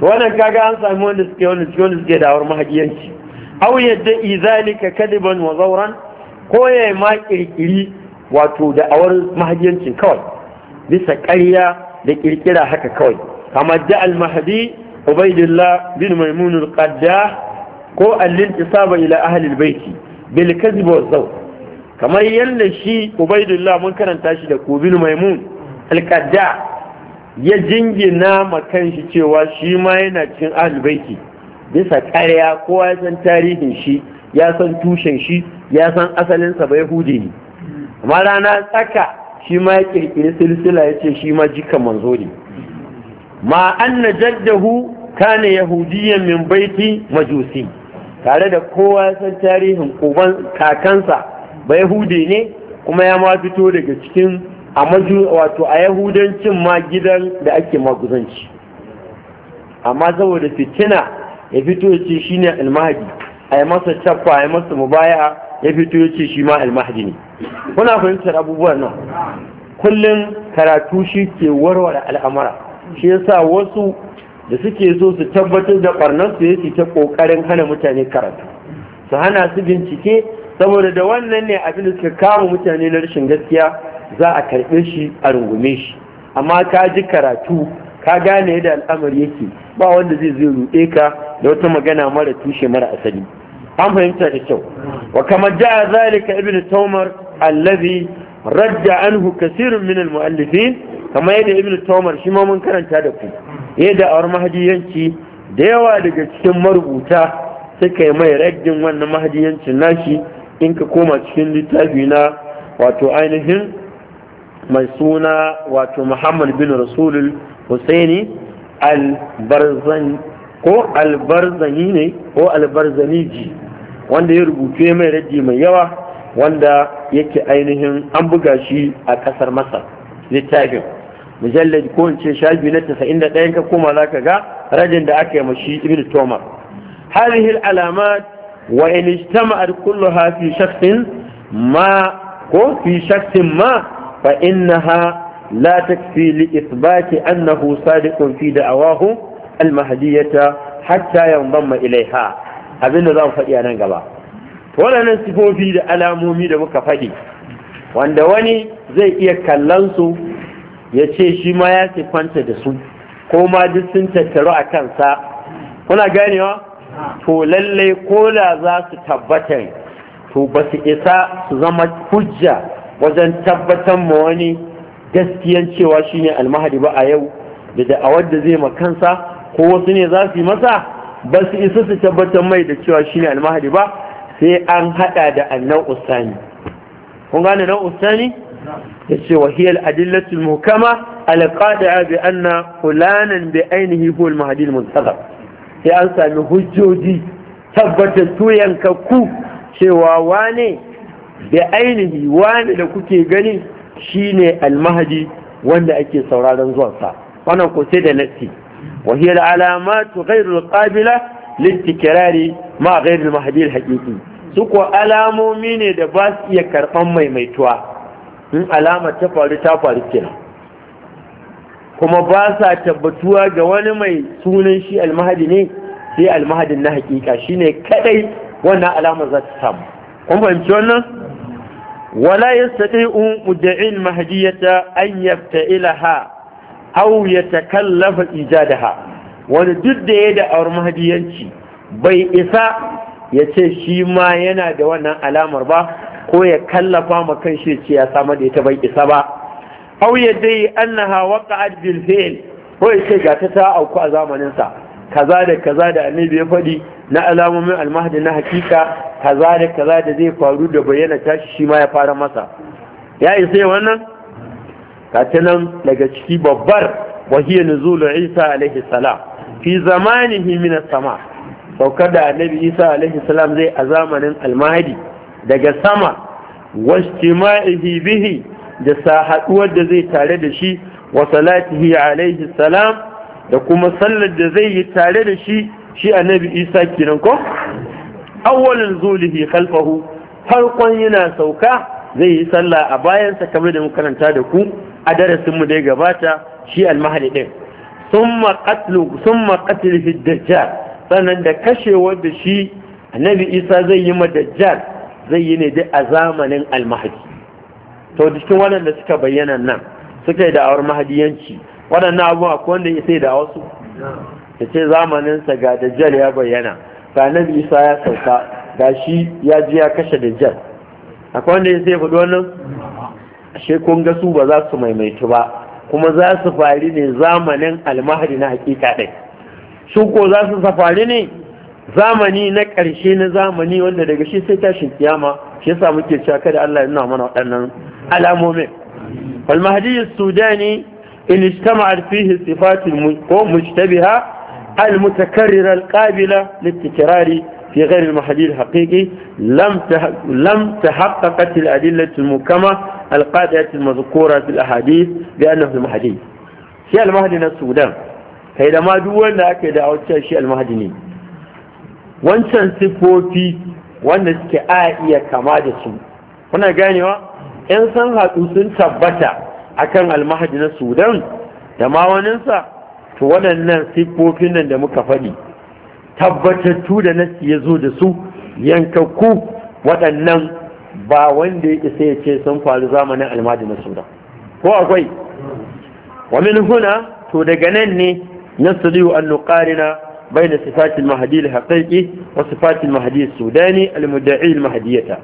wannan kaga an sami wanda suke wanda suke wanda suke dawar mahajiyanci au yadda izalika kadiban wa zauran ko ya ma kirkiri wato da awar mahajiyancin kawai bisa ƙarya da ƙirƙira haka kawai Kamar da al-mahdi ubaidillah bin maimun al ko al-intisaba ila ahli al bil kadhib wa kamar yadda shi ubaidillah mun karanta shi da kubil maimun al qadda ya jingina makan shi cewa shi ma yana cikin ahli baiti bisa ƙarya kowa ya san tarihin shi ya san tushen shi ya san asalinsa ba yahudi ne amma rana tsaka shi ma ya kirkiri silsila ya ce shi ma jika manzo ne ma na jaddahu kane yahudiyan min baiti majusi tare da kowa san tarihin kuban kakansa ba yahudi ne kuma ya ma fito daga cikin a maju wato a yahudancin ma gidan da ake maguzanci amma saboda fitina ya fito ya ce shine almahdi a yi masa caffa a yi masa mubaya ya fito ya ce shi ma almahdi ne kuna fahimtar abubuwan nan kullum karatu shi ke warware al'amara shi yasa wasu da suke so su tabbatar da barnar su yake ta kokarin hana mutane karatu su hana su bincike saboda da wannan ne abin da suka kama mutane na rashin gaskiya za a karɓe shi a rungume shi amma ka ji karatu ka gane yadda al'amari yake ba wanda zai zai ruɗe ka da wata magana mara tushe mara asali an fahimta da kyau wa kama ja'a zalika ibnu tawmar allazi radda anhu kasirun min almu'allifin kama yadda ibnu tawmar shi ma mun karanta da ku yadda awar mahadiyanci da yawa daga cikin marubuta suka yi mai raddin wannan mahadiyancin nashi in ka koma cikin littafi na wato ainihin mai suna wato muhammad bin rasulul husaini al-barzani ko albarzani ne ko albarzaniji wanda ya rubutu ya mai raji mai yawa wanda yake ainihin an buga shi a kasar masar littafin mujallad ko ce shabi na tasa'in da ɗayan ka za ka ga rajin da aka yi mashi ibn tomar hadhihi alamat wa in ijtama'at kulluha fi shakhsin ma ko fi shakhsin ma fa innaha la takfi li ithbati annahu sadiqun fi da'awahu al-mahdiyata hatta yanzamma ilaiha abinda za mu faɗi a nan gaba waɗannan sifofi da alamomi da muka faɗi wanda wani zai iya kallon su ya ce shi ma ya siffanta da su ko ma duk sun tattaru a kansa kuna ganewa to lallai ko da za su tabbatar to ba su isa su zama hujja wajen tabbatar ma wani gaskiyan cewa shine almahadi ba a yau da da'awar da zai kansa? ko wasu ne za su yi masa ba su isa su tabbatar mai da cewa shine almahadi ba sai an hada da annan usani kun gane nan usani ya ce wa hiyal adillatul alƙada alqadi'a bi anna fulanan bi ainihi huwa almahdi almuntazar sai an sami hujjoji tabbatar ka ku, cewa wane da ainihi wane da kuke gani shine almahadi wanda ake sauraron zuwansa wannan ko sai da nassi وهي العلامات غير القابلة للتكرار مع غير المهدي الحقيقي سوكو alamomi ne da ba su iya karɓan maimaituwa in alamar ta faru ta faru kenan kuma ba sa tabbatuwa ga wani mai sunan shi almahadi ne sai almahadin na hakika shine kaɗai wannan alamar za ta samu kun fahimci wannan wala yastati'u mudda'i almahdiyata an yafta'ilaha aw ya takallafa ijadaha wani duk da ya da aur mahdiyanci bai isa ya ce shi ma yana da wannan alamar ba ko ya kallafa ma kan shi ce ya samar da ita bai isa ba aw ya dai annaha waqa'at bil fi'l ko ya ce ga ta ta auku a zamanin sa kaza da kaza da annabi ya faɗi na alamomin almahdi na hakika kaza da kaza da zai faru da bayyana tashi shi ma ya fara masa ya isa wannan ta nan daga ciki babbar wahiyar nuzulu isa alaihi salam fi zamanihi min sama saukar da annabi isa alaihi salam zai a zamanin almahdi daga sama wajtima'ihi bihi da sahaduwar da zai tare da shi wa salatihi alaihi salam da kuma sallar da zai yi tare da shi shi annabi isa kenan ko awwalin zulihi khalfahu farkon yana sauka zai yi sallah a bayansa kamar da muka karanta da ku a darasin mu da ya gabata shi almahadi din Sun qatlu summa qatlu fi dajjal sannan da kashewar da shi annabi isa zai yi ma dajjal zai yi ne duk a zamanin almahadi to cikin waɗanda suka bayyana nan suka yi da'awar mahadiyanci waɗannan abubuwa akwai wanda ya sai da wasu ya ce zamaninsa ga dajjal ya bayyana ga annabi isa ya sauka ga shi ya ji ya kashe dajjal akwai wanda ya sai faɗi wannan ashe kun ga su ba za su maimaitu ba kuma za su fari ne zamanin almahadi na hakika ɗai su ko za su safari ne zamani na ƙarshe na zamani wanda daga shi sai tashin kiyama shi yasa muke cewa kada Allah ya nuna mana waɗannan alamomin wal mahdi sudani in ijtama'at fihi sifatul ko mujtabiha al biya al qabila litikrari في غير المحدود الحقيقي لم لم تحققت الأدلة المكمة القاعدة المذكورة في الأحاديث بأنه المهدي شيء المهدي السودان فإذا ما دون ذاك دعوة شيء المهدي ني wancan siffofi wanda suke a iya kama da su kuna ganewa 'yan san haɗu sun tabbata akan almahadi na sudan da ma to waɗannan siffofin nan da muka faɗi tabbatattu da na ya zo da su yankakku waɗannan ba wanda ya isa ya ce sun faru zamanin almadi na sudan ko akwai wa min huna to daga nan ne nasriyu an nuqarina بين صفات المهدي الحقيقي وصفات المهدي السوداني المدعي المهدية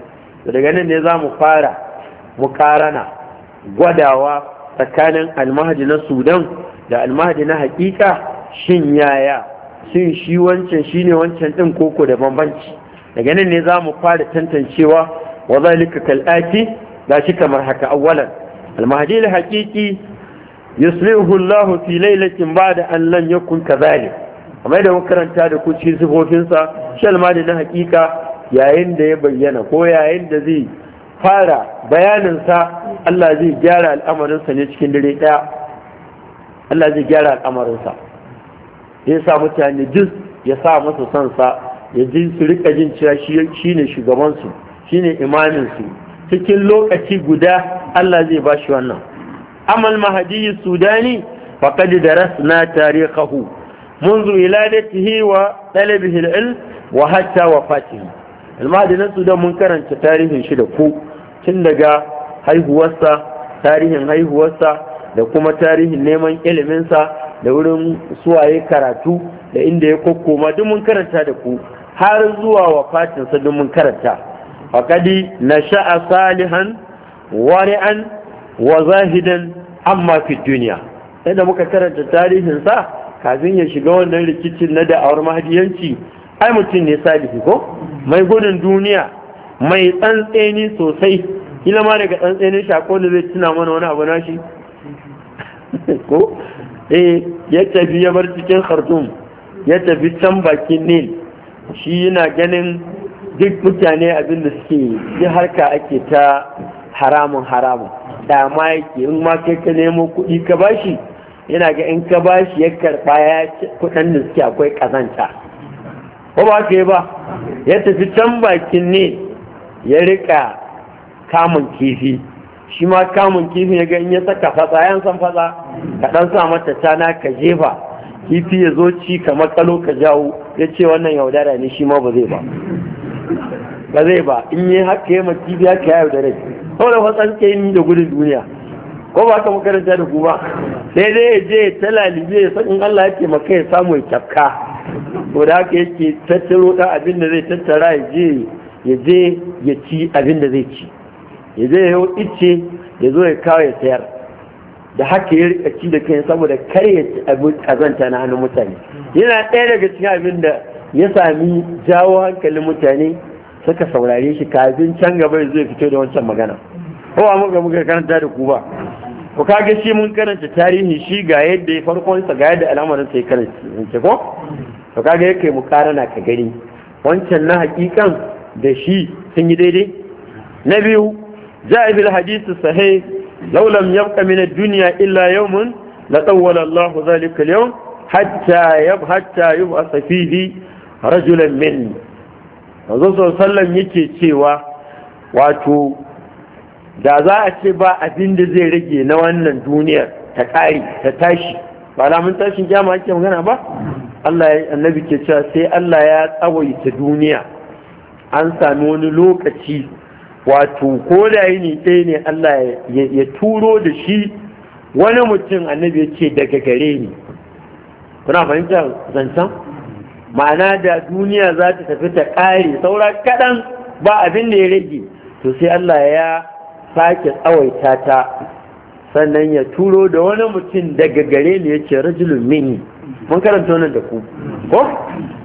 daga nan ne za mu fara mukarana gwadawa tsakanin almahadi na sudan da almahadi na haƙiƙa shin yaya shin shi wancan shi ne wancan ɗin koko da bambanci daga nan ne za mu fara tantancewa wa zalika kal'ati ga shi kamar haka awwalan almahdi alhaqiqi yuslihu Allah fi lailatin ba'da an lam yakun kadhalik amma da makaranta da kuci sifofin sa shi almahdi na haqiqa yayin da ya bayyana ko yayin da zai fara bayanin sa Allah zai gyara al'amarin sa ne cikin dare daya Allah zai gyara al'amarin sa ya sa mutane jin ya sa masu sansa ya ji su rika jin cewa shi ne shugabansu shi ne imaminsu cikin lokaci guda Allah zai ba shi wannan amal mahadi sudani faqad darasna tarihahu منذ ولادته وطلبه العلم وحتى وفاته المهدي na sudan mun karanta tarihin shi da ku tun daga haihuwarsa tarihin haihuwarsa da kuma tarihin neman iliminsa da wurin suwaye karatu da inda ya kokoma duk mun karanta da ku har zuwa wafatinsa duk mun karanta faƙadi na sha'a salihan wari'an wa zahidan amma fi duniya yadda muka karanta tarihinsa kafin ya shiga wannan rikicin na da'awar mahadiyanci ai mutum ne salihi ko mai gudun duniya mai tsantseni sosai ila ma daga tsantsenin shako da zai tuna mana wani abu nashi (laughs) ko eh ya tafi ya bar cikin khartoum ya tafi can bakin nil shi yana ganin duk mutane abin da suke yi harka ake ta haramun haramun dama yake in ma kai ka nemo kuɗi ka bashi yana ga in ka bashi ya karɓa ya kuɗin da suke akwai ƙazanta ko ba ka yi ba ya tafi can bakin nil ya riƙa kamun kifi shi ma kamun kifin ya ga in ya saka fasa yan san fasa ka dan sa mata tana ka jefa kifi ya zo ci ka makalo ka jawo ya ce wannan yaudara ne shi ma ba zai ba ba zai ba in yi haka yi kifi haka ya yaudare da fasa ke yi da gudun duniya ko ba ka makaranta da kuma sai dai ya je ta lalibe ya san in Allah ya taimaka ya samu ya tafka ko da haka yake tattaro ta abin da zai tattara ya je ya je ya ci abin da zai ci ya zai yau ice ya zo ya kawo ya sayar da haka ya rika ci da kai saboda kar ya ci abin kazanta na hannun mutane yana ɗaya daga cikin abin da ya sami jawo hankalin mutane suka saurare shi kafin can gaba ya zo ya fito da wancan magana ko a muka muka karanta da ku ba ko kaga shi mun karanta tarihi shi ga yadda ya farko sa ga yadda al'amarin sai karanta ko to kaga yake mu karana ka gani wancan na hakikan da shi sun yi daidai na biyu جاء في الحديث الصحيح لو لم يبق من الدنيا إلا يوم لطول الله ذلك اليوم حتى يب حتى يبعث فيه رجلا من صلى sallam عليه cewa wato da za a ce ba abin da zai rage na wannan duniyar ta ƙari ta tashi ba mun tashin kyama ake magana ba Allah ya annabi ke cewa sai Allah ya tsawaita duniya an sami wani lokaci wato ko da yini ɗaya ne Allah ya turo da shi wani mutum annabi ya ce daga gare ni kuna fahimtar zancen ma'ana da duniya za ta tafi ta ƙare saura kaɗan ba abin da ya rage to sai Allah ya sake tsawaita ta sannan ya turo da wani mutum daga gare ni ya ce rajulun mini mun karanta wannan da ku ko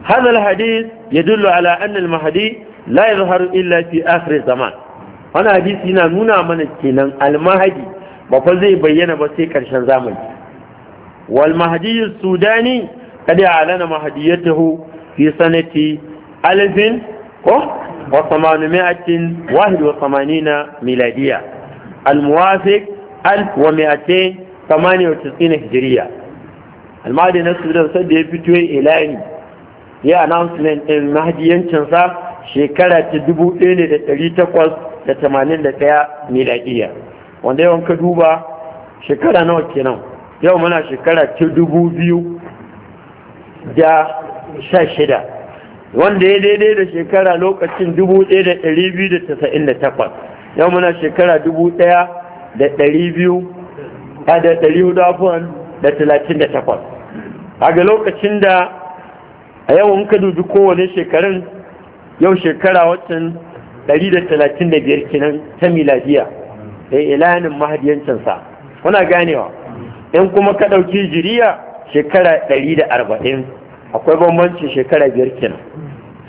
hadal hadis yadullu ala anna al mahdi la yadhharu illa fi akhir zaman wani hadisi yana nuna mana kenan almahadi ba fa zai bayyana ba sai karshen zamani wal mahdi sudani kada ya alana mahdiyatahu fi sanati alfin ko wa wa 881 miladiya al muwafiq 1298 hijriya al mahdi na sudan sai da ya fito ilani ya announcement din mahdiyancin sa shekara ta dubu ɗaya da ɗari takwas. da tamanin da ɗaya miladiya wanda yawan ka duba shekara nawa kenan yau muna shekara ta dubu biyu da sha shida wanda ya daidai da shekara lokacin dubu ɗaya da ɗari biyu da tasa'in da takwas yau muna shekara dubu ɗaya da ɗari biyu da ɗari hudu afuwan da talatin da takwas a ga lokacin da a yau in ka dubi kowane shekarun yau shekara watan 135 kenan ta miladiya da ilanin mahadiyancinsa kuna ganewa in kuma ka ɗauki jiriya shekara 140 akwai bambanci shekara biyar kenan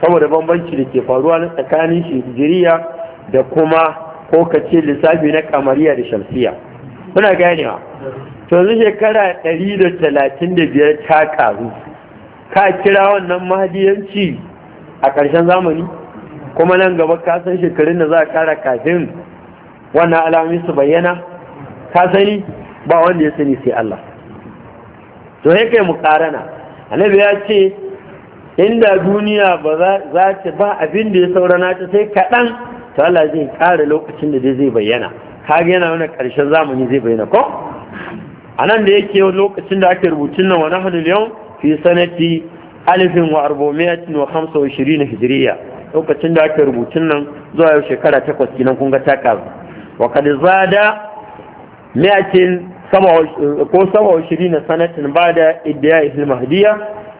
saboda bambanci da ke faruwa na tsakanin jiriya da kuma ko ka ce lissafi na kamariya da shamsiya kuna ganewa to yanzu shekara 135 ta karu ka kira wannan mahadiyanci a ƙarshen zamani kuma nan gaba ka san shekarun da za a kara kafin wannan alamomi su bayyana ka sani ba wanda ya sani sai Allah to sai kai mukarana annabi ya ce inda duniya ba za ta ba abin da ya saurana ta sai kaɗan to Allah zai kara lokacin da zai bayyana Ka ga yana wani ƙarshen zamani zai bayyana ko a nan da yake lokacin da ake rubutun nan wa nahnu yau fi sanati alifin wa wa wa hijriya lokacin da aka rubutun nan zuwa yau shekara takwas kinan kun ga ta wa kad zada mi'atin ko sama wa shirin na sanatin ba da iddiya ihil mahdiya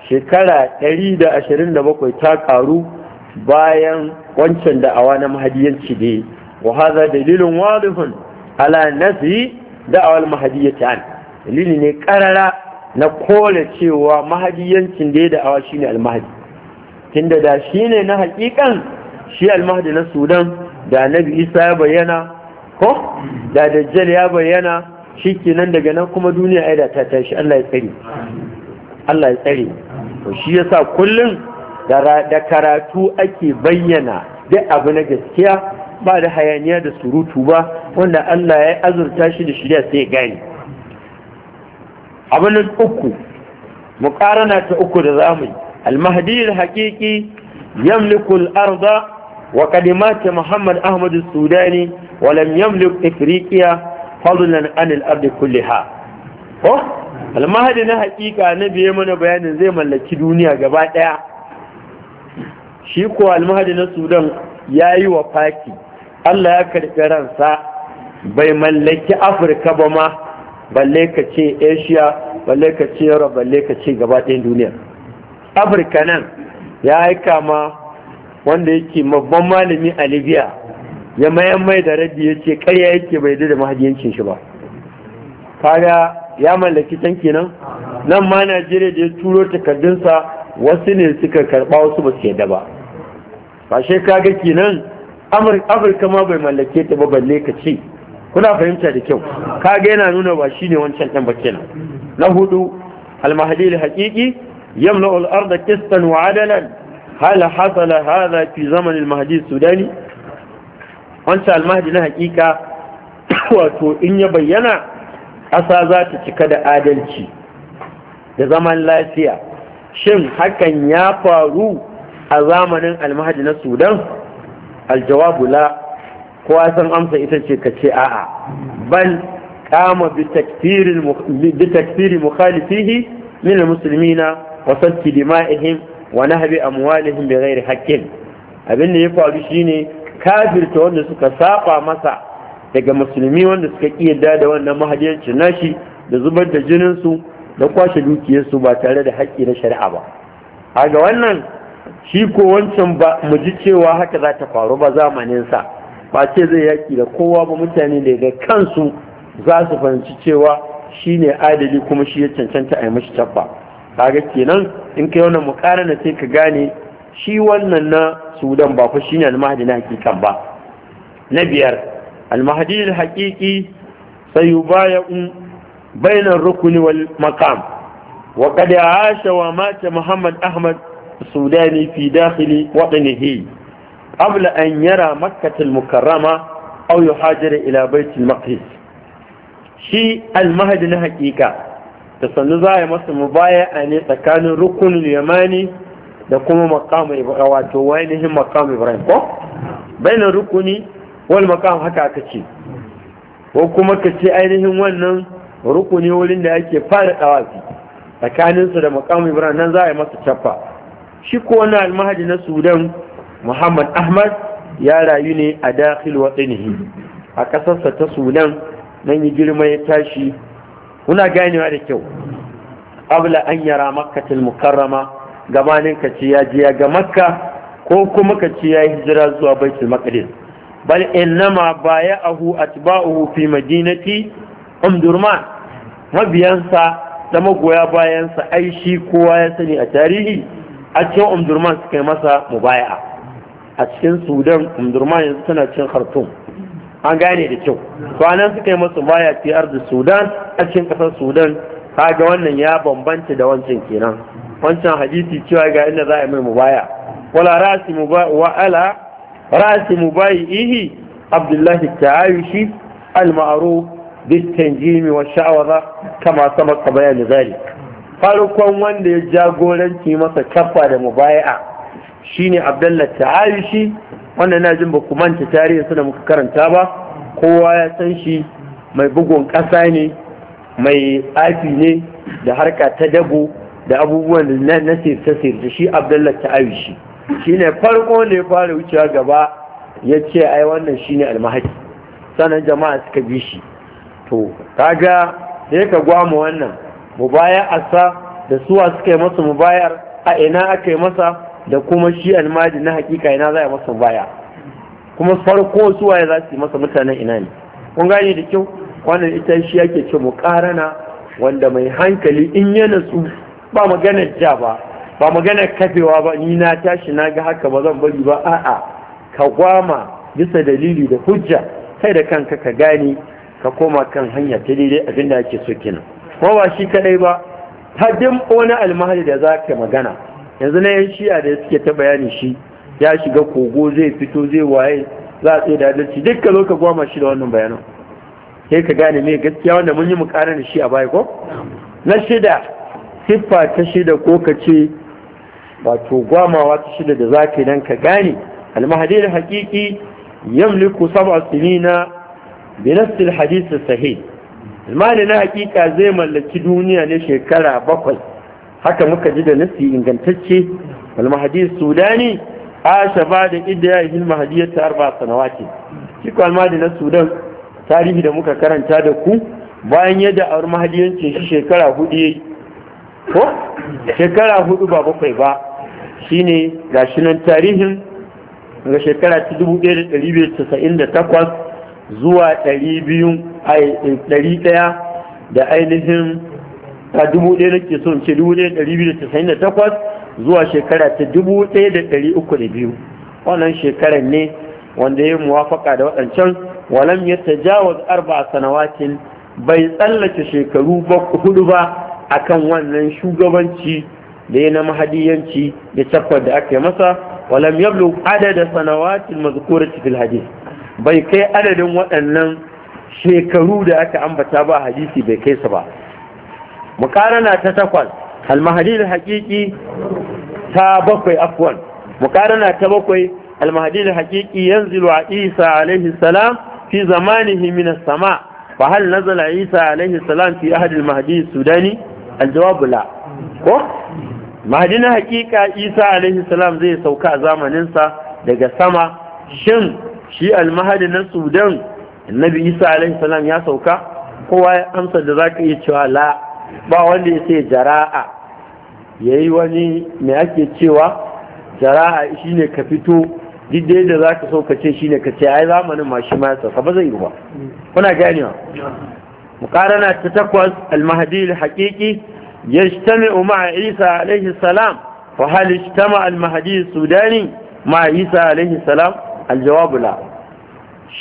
shekara 127 ta karu bayan wancan da awa na mahadiyanci ne wa haza dalilin wadihun ala nasi da'awar ta an dalili ne karara na kola cewa mahadiyancin da ya da'awa shine almahadi tunda da shi ne na hakikan shi almahdi na sudan da nabi isa ya bayyana ko da dajjal ya bayyana shi kenan daga nan kuma duniya ya da ta tashi Allah ya tsare Allah ya tsari to shi sa kullum da karatu ake bayyana duk abu na gaskiya ba da hayaniya da surutu ba wanda Allah ya azurta shi da shirya sai gani abu na uku mukarana ta uku da zamu المهدي الحقيقي يملك الأرض وقد مات محمد أحمد السوداني ولم يملك إفريقيا فضلا عن الأرض كلها أوه المهدي na haƙiƙa na ya mana bayanin zai mallaki duniya gaba daya shi ko almahadi na sudan ya yi wa faki allah ya karɓi ransa bai mallaki afirka ba ma balle ka ce asia balle ka ce yara balle ka ce gaba duniya afirka nan ya aika ma wanda yake babban malami a libya ya mayan mai da rabi ya ce karya yake bai da mahajiyancin shi ba kaga ya mallaki can kenan nan ma najeriya da ya turo takardunsa wasu ne suka karba wasu ba su yadda ba ba shi kaga kenan afirka ma bai mallake ta ba balle ka ce kuna fahimta da kyau kaga yana nuna ba shi ne wancan ɗan ba kenan na hudu almahadi haƙiƙi يملأ الأرض قسطا وعدلا هل حصل هذا في زمن المهدي السوداني وانسى المهدي نهى إيكا wato in ya bayyana ƙasa za ta cika da adalci da zaman lafiya shin hakan ya faru a zamanin almahadi na sudan aljawabu la kowa san amsa ita ce ka ce a'a bal kama bi takfiri mukhalifihi min musulmina wa satti dima'ihim wa nahbi amwalihim bi haqqin abin da ya faru shine kafirta wanda suka saba masa daga musulmi wanda suka kiyarda da wannan mahajiyarcin nashi da zubar da jinin su da kwashe dukiyarsu ba tare da haƙƙi na shari'a ba a wannan shi ko wancan ba mu ji cewa haka za ta faru ba zamaninsa ba ce zai yaƙi da kowa ba mutane da ga kansu za su fahimci cewa shi ne adali kuma shi ya cancanta a yi mashi tabba kaga kenan in kai wannan mukarana sai ka gane shi wannan na sudan ba fa shine almahdi na hakikan ba na biyar almahdi alhaqiqi sayubaya'u bayna ar-rukn wal maqam wa qad 'asha wa mata muhammad ahmad السوداني في داخل وطنه قبل أن يرى مكة المكرمة أو يهاجر إلى بيت المقدس شيء المهد حقيقة da sannu za a yi masa mubaya'a ne tsakanin rukunin yamani da kuma makamu ibrahim wato wainihin makamu ibrahim ko bainar rukuni wal makamu haka aka ce ko kuma ka ce ainihin wannan rukuni wurin da yake fara dawafi tsakaninsu da makamu ibrahim nan za a yi masa caffa shi ko wani almahadi na sudan muhammad ahmad ya rayu ne a dakhil watsinihi a ƙasarsa ta sudan nan yi girma ya tashi kuna ganewa da kyau abla an yara makkatul mukarrama gabanin ka ci ya jiya ga makka ko kuma ka ci ya hijira zuwa baitul maqdis bal innama baya'ahu atba'uhu fi madinati umdurman mabiyansa da magoya bayansa ai shi kowa ya sani a tarihi a cikin umdurman suka yi masa mubaya'a a cikin sudan umdurman yanzu tana cin khartoum an gane da kyau kwanan suka yi masu baya fi arzu sudan a cikin kasar sudan kaga wannan ya bambanta da wancan kenan wancan hadisi cewa ga inda za a yi mai mubaya wala rasi wa ala rasi mubayi ihi abdullahi ta'ayushi al-ma'ruf bitanjimi wa sha'awaza kama kabaya da zali farkon wanda ya jagoranci masa kafa da mubaya'a shine abdullahi ta'ayushi wannan na jin ba ku manta su da muka karanta ba kowa ya san shi mai bugun ƙasa ne mai tsafi ne da harka ta dago da abubuwan da na sirta-sirta shi abdullah ta'awi shi shi ne farko ne fara wucewa gaba ya ce ai wannan shi ne almahaki sannan jama'a suka bi shi to kaga sai ka gwamo wannan baya asa da suwa suka yi masa mubayar a ina aka yi masa da kuma shi almajin na hakika ina za a masa baya kuma farko ya za su yi masa mutanen ina ne kun gane da kyau wannan ita shi yake ce ƙarana wanda mai hankali in ya nasu ba magana ja ba ba magana kafewa ba ni na tashi na ga haka ba zan bari ba a'a ka gwama bisa dalili da hujja kai da kanka ka gane ka koma kan hanya ta daidai abin da ake so kenan kuma ba shi kadai ba hadin wani almahali da za magana yanzu na yan shiya da suke ta bayani shi ya shiga kogo zai fito zai waye za a tsaye da adalci duk ka zo ka shi da wannan bayanan sai ka gane me gaskiya wanda mun yi mukarar da shi a baya ko na shida siffa ta shida ko ka ce wato gwamawa ta shida da za ka yi nan ka gane almahadi hakiki yamliku sab'a sinina bi nass alhadith sahih almahadi na hakika zai mallaki duniya ne shekara bakwai haka muka ji da nasi ingantacce almahadi sudani asha ba da idda ya yi mahadiyar ta arba sanawati shi almadi na sudan tarihi da muka karanta da ku bayan yadda a mahadiyancin shi shekara hudu ya ko shekara hudu ba bakwai ba ga shi nan tarihin ga shekara ta dubu da da biyu takwas zuwa ɗaya da ainihin ta dubu ɗaya da ke so ce dubu ɗaya ɗari biyu da da takwas zuwa shekara ta dubu ɗaya da ɗari uku da biyu wannan shekarar ne wanda ya muwafaka da waɗancan walam ya tajawaz arba sanawatin bai tsallake shekaru hudu ba akan wannan shugabanci da ya na mahadiyanci da tabbar da aka yi masa walam ya yablu adada sanawatin mazkurati cikin hadis bai kai adadin waɗannan shekaru da aka ambata ba hadisi bai kai su ba mukarana ta takwas almahadi da hakiki ta bakwai afwan mukarana ta bakwai almahadi da hakiki yanzilu a isa alaihi salam fi zamanihi min sama fa hal nazala isa alaihi salam fi ahad almahdi sudani aljawabu la ko mahadi na hakika isa alaihi salam zai sauka a zamaninsa daga sama shin shi almahadi na sudan annabi isa alaihi salam ya sauka kowa ya amsa da zaka iya cewa la ba wanda ya ce jara'a ya yi wani mai ake cewa jara'a shi ne ka fito diddai da za ka so ka ce shi ne ka ce ai zamanin ma shi ma ya ba zai yi ba kuna ganewa mukarana ta takwas almahadi hakiki ya shtame ma isa alaihi salam wa hal ishtama almahadi sudani ma isa alaihi salam aljawabu la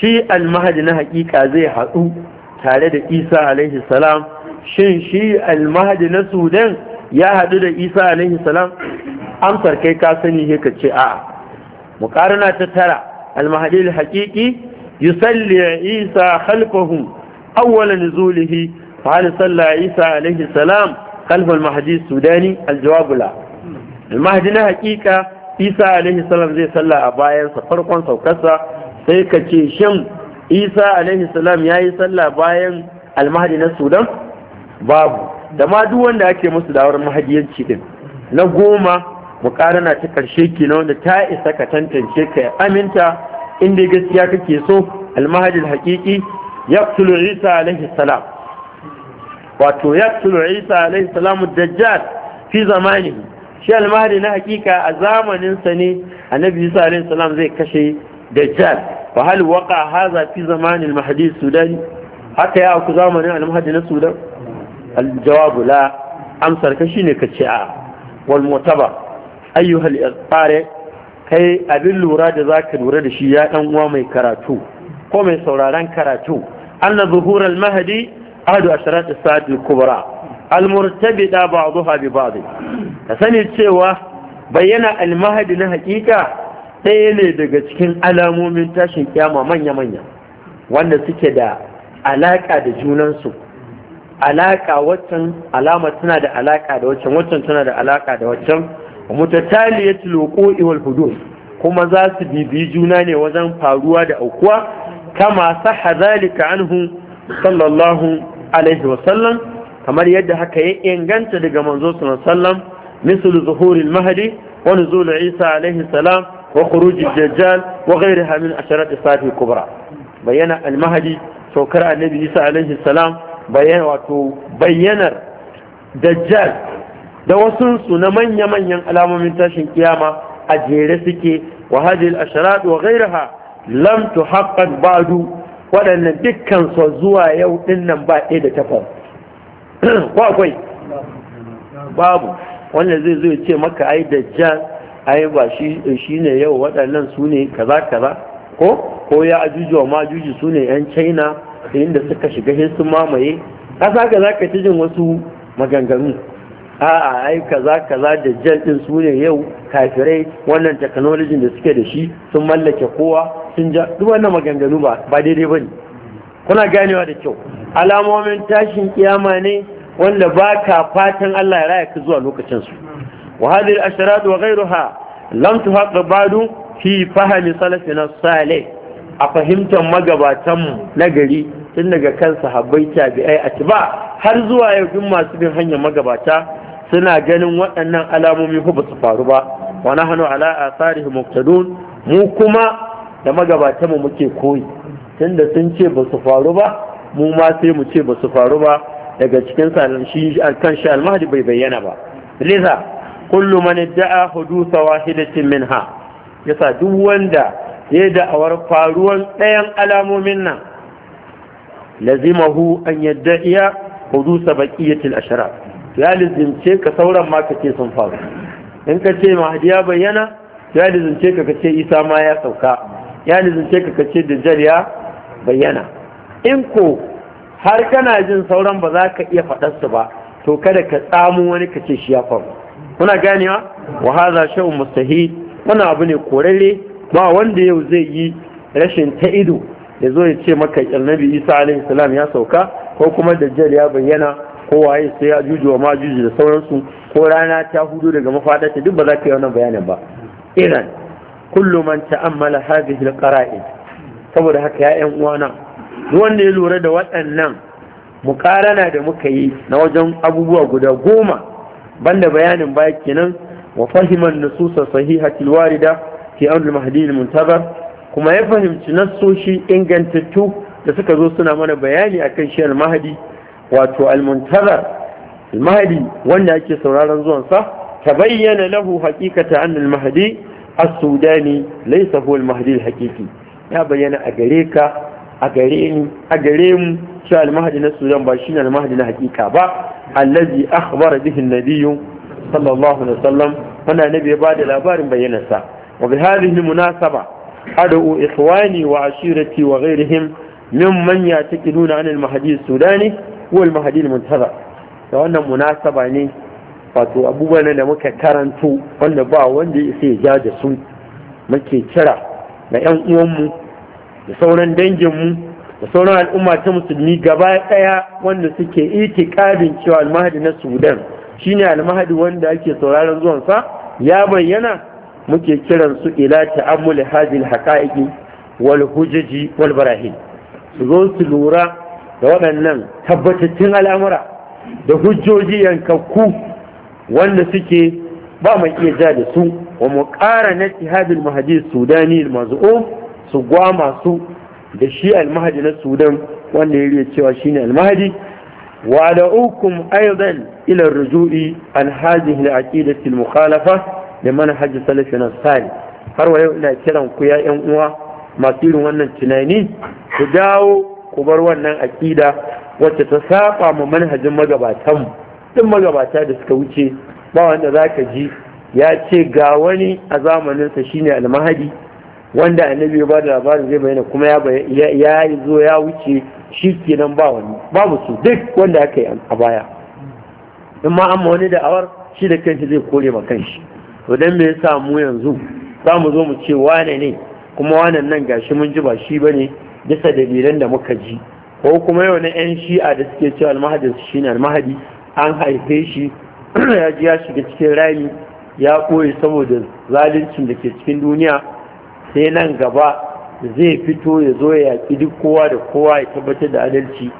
shi almahadi na hakika zai haɗu tare da isa alaihi salam shin shi almahadi na sudan ya haɗu da isa alaihi salam amsar kai ka sani ka ce a'a muqarana ta tara almahadi alhaqiqi yusalli isa khalfahum awwal nuzulihi fa hal salla isa alaihi salam khalf almahdi sudani aljawab la almahdi na haqiqa isa alaihi salam zai salla a bayan sa farkon saukarsa sai ka ce shin isa alaihi salam yayi salla bayan almahdi na sudan babu da ma duk wanda ake musu dawar mahajiyanci din na goma na ta karshe kenan wanda ta isa ka tantance ka aminta inda gaskiya kake so almahajil haqiqi yaqtulu isa alaihi salam wato yaqtulu isa alaihi salam dajjal fi zamani shi almahadi na hakika a zamanin sa ne annabi isa alaihi salam zai kashe dajjal fa hal waqa hadha fi zamani mahdi sudani haka ya ku zamanin almahadi na sudan aljawabu la amsar ka shine ka ce a wal mutaba ayyuhal iqare kai abin lura da zaka lura da shi ya dan uwa mai karatu ko mai sauraron karatu anna zuhur al mahdi ahadu asharat as-sa'at al kubra al murtabita ba'daha bi ba'd ka sani cewa bayyana al mahdi na hakika ɗaya ne daga cikin alamomin tashin kiyama manya-manya wanda suke da alaƙa da junansu alaka waccan alama tana da alaka da waccan waccan tana da alaka da waccan mutataliyatul wuqu'i wal hudud kuma za su bibiyi juna ne wajen faruwa da aukuwa kama saha zalika anhu sallallahu alaihi wa sallam kamar yadda haka ya inganta daga manzo sallallahu misal al mahdi wa nuzul isa alaihi salam wa khuruj ad-dajjal wa ghayriha min asharat as al kubra bayana al-mahdi saukar annabi isa alaihi salam bayan wato bayyanar dajjal da wasunsu su na manya-manyan alamomin tashin kiyama a jere suke wa hadil asharat wa ghairaha lam tuhaqqaq ba'du waɗannan dukkan su zuwa yau din nan ba ɗaya da tafar (clears throat) ko akwai babu wannan zai zo ya ce maka ai dajjal ai ba shi shine yau waɗannan su ne kaza kaza ko ko ya ajuju ma majuji su ne yan china da suka shiga shi sun mamaye kasa ka za ka cijin wasu maganganu a'a ai kaza kaza da jal din su ne yau kafirai wannan technology da suke da shi sun mallake kowa sun ja duk wannan maganganu ba ba daidai bane kuna ganewa da kyau alamomin tashin kiyama ne wanda ba ka fatan Allah ya raya ka zuwa lokacin su wa hadhihi al-asharat wa ghayruha lam tuhaqqaq ba'du fi fahmi salafina salih a fahimtar magabatanmu na gari tun daga kan sahabbai tabi'ai a ba har zuwa yau masu bin hanyar magabata suna ganin waɗannan alamomi ko ba su faru ba wa nahnu ala asarihi muqtadun mu kuma da magabatanmu muke koyi tunda sun ce ba su faru ba mu ma sai mu ce ba su faru ba daga cikin sanan shi kan shi almahdi bai bayyana ba liza kullu man da'a hudutha wahidatin minha yasa duk wanda da da'awar faruwan ɗayan alamomin nan lazimahu an yadda iya hudusa baqiyatil ashraf ya lizimce ka sauran ma kace sun faru in ka ce mahdi ya bayyana ya lizimce ka kace isa ma ya sauka ya lizimce ka kace dajjal ya bayyana in ko har kana jin sauran ba za ka iya su ba to kada ka tsamo wani kace shi ya faru kuna ganewa wa hadha shay'un mustahil wannan abu ne korarre ba wanda yau zai yi rashin ta ido ya zo ya ce maka annabi isa alaihi salam ya sauka ko kuma dajjal ya bayyana ko waye sai ya juju wa majuji da sauransu ko rana ta hudu daga ta duk ba za ka yi wannan bayanin ba idan kullu man ta'ammala hadhihi alqara'id saboda haka ya yan uwana duk wanda ya lura da waɗannan mukarana da muka yi na wajen abubuwa guda goma banda bayanin baya kenan wa fahiman nususa sahihatil warida fi amrul mahdi muntabar kuma ya fahimci nassoshi ingantattu da suka zo suna mana bayani akan shi al-mahdi wato al-muntabar al-mahdi wanda ake sauraron zuwan sa bayyana lahu hakikata anna al-mahdi as-sudani laysa huwa al-mahdi al-haqiqi ya bayyana a gare ka a gare ni a gare mu shi al-mahdi na sudan ba shine al-mahdi na hakika ba allazi akhbara bihi an-nabiy sallallahu alaihi wasallam wannan nabi ya da labarin bayyanansa. wa bi hadhihi munasaba ad'u ikhwani wa ashirati wa ghayrihim mimman yataqiduna an al-mahdi as-sudani wa al-mahdi al-muntazar da wannan munasaba ne wato abubuwan da muka karanto wanda ba wanda sai ja da su muke kira da yan uwanmu da sauran danginmu da sauran al'umma ta musulmi gaba daya wanda suke itikadin cewa al na sudan shine al wanda ake sauraron zuwansa ya bayyana muke kiran su ila ta'ammuli hadhihi al-haqa'iqi wal hujaji wal barahin su zo su lura da waɗannan tabbatattun al'amura da hujjoji yankakku wanda suke ba mai iya ja da su wa ƙara hadhihi al-mahdi sudani al-maz'um su gwama su da shi al-mahdi na sudan wanda ya cewa shine al-mahdi wa da'ukum aidan ilar rujui an hadhihi al da al da manhajin salafin salih har wa yau ina kiran ku ya yan uwa masu irin wannan tunani ku dawo ku bar wannan akida wacce ta saba mu manhajin magabatan din magabata da suka wuce ba wanda zaka ji ya ce ga wani a zamaninsa shine almahadi wanda annabi ya bada da labarin zai bayyana kuma ya zo ya wuce shi kenan ba wani babu su duk wanda aka yi a baya in ma amma wani da'awar shi da kanshi zai kore ma kanshi to dan me yasa mu yanzu za mu zo mu ce wane ne kuma wanan nan gashi mun ji ba shi bane bisa dalilan da muka ji ko kuma yau na yan shi'a da suke cewa almahadi shine almahadi an haife shi (clears throat) ya ji ya shiga cikin rami ya ɓoye saboda zaluncin da ke cikin duniya sai nan gaba zai fito ya zo ya yaƙi duk kowa da kowa ya tabbatar da adalci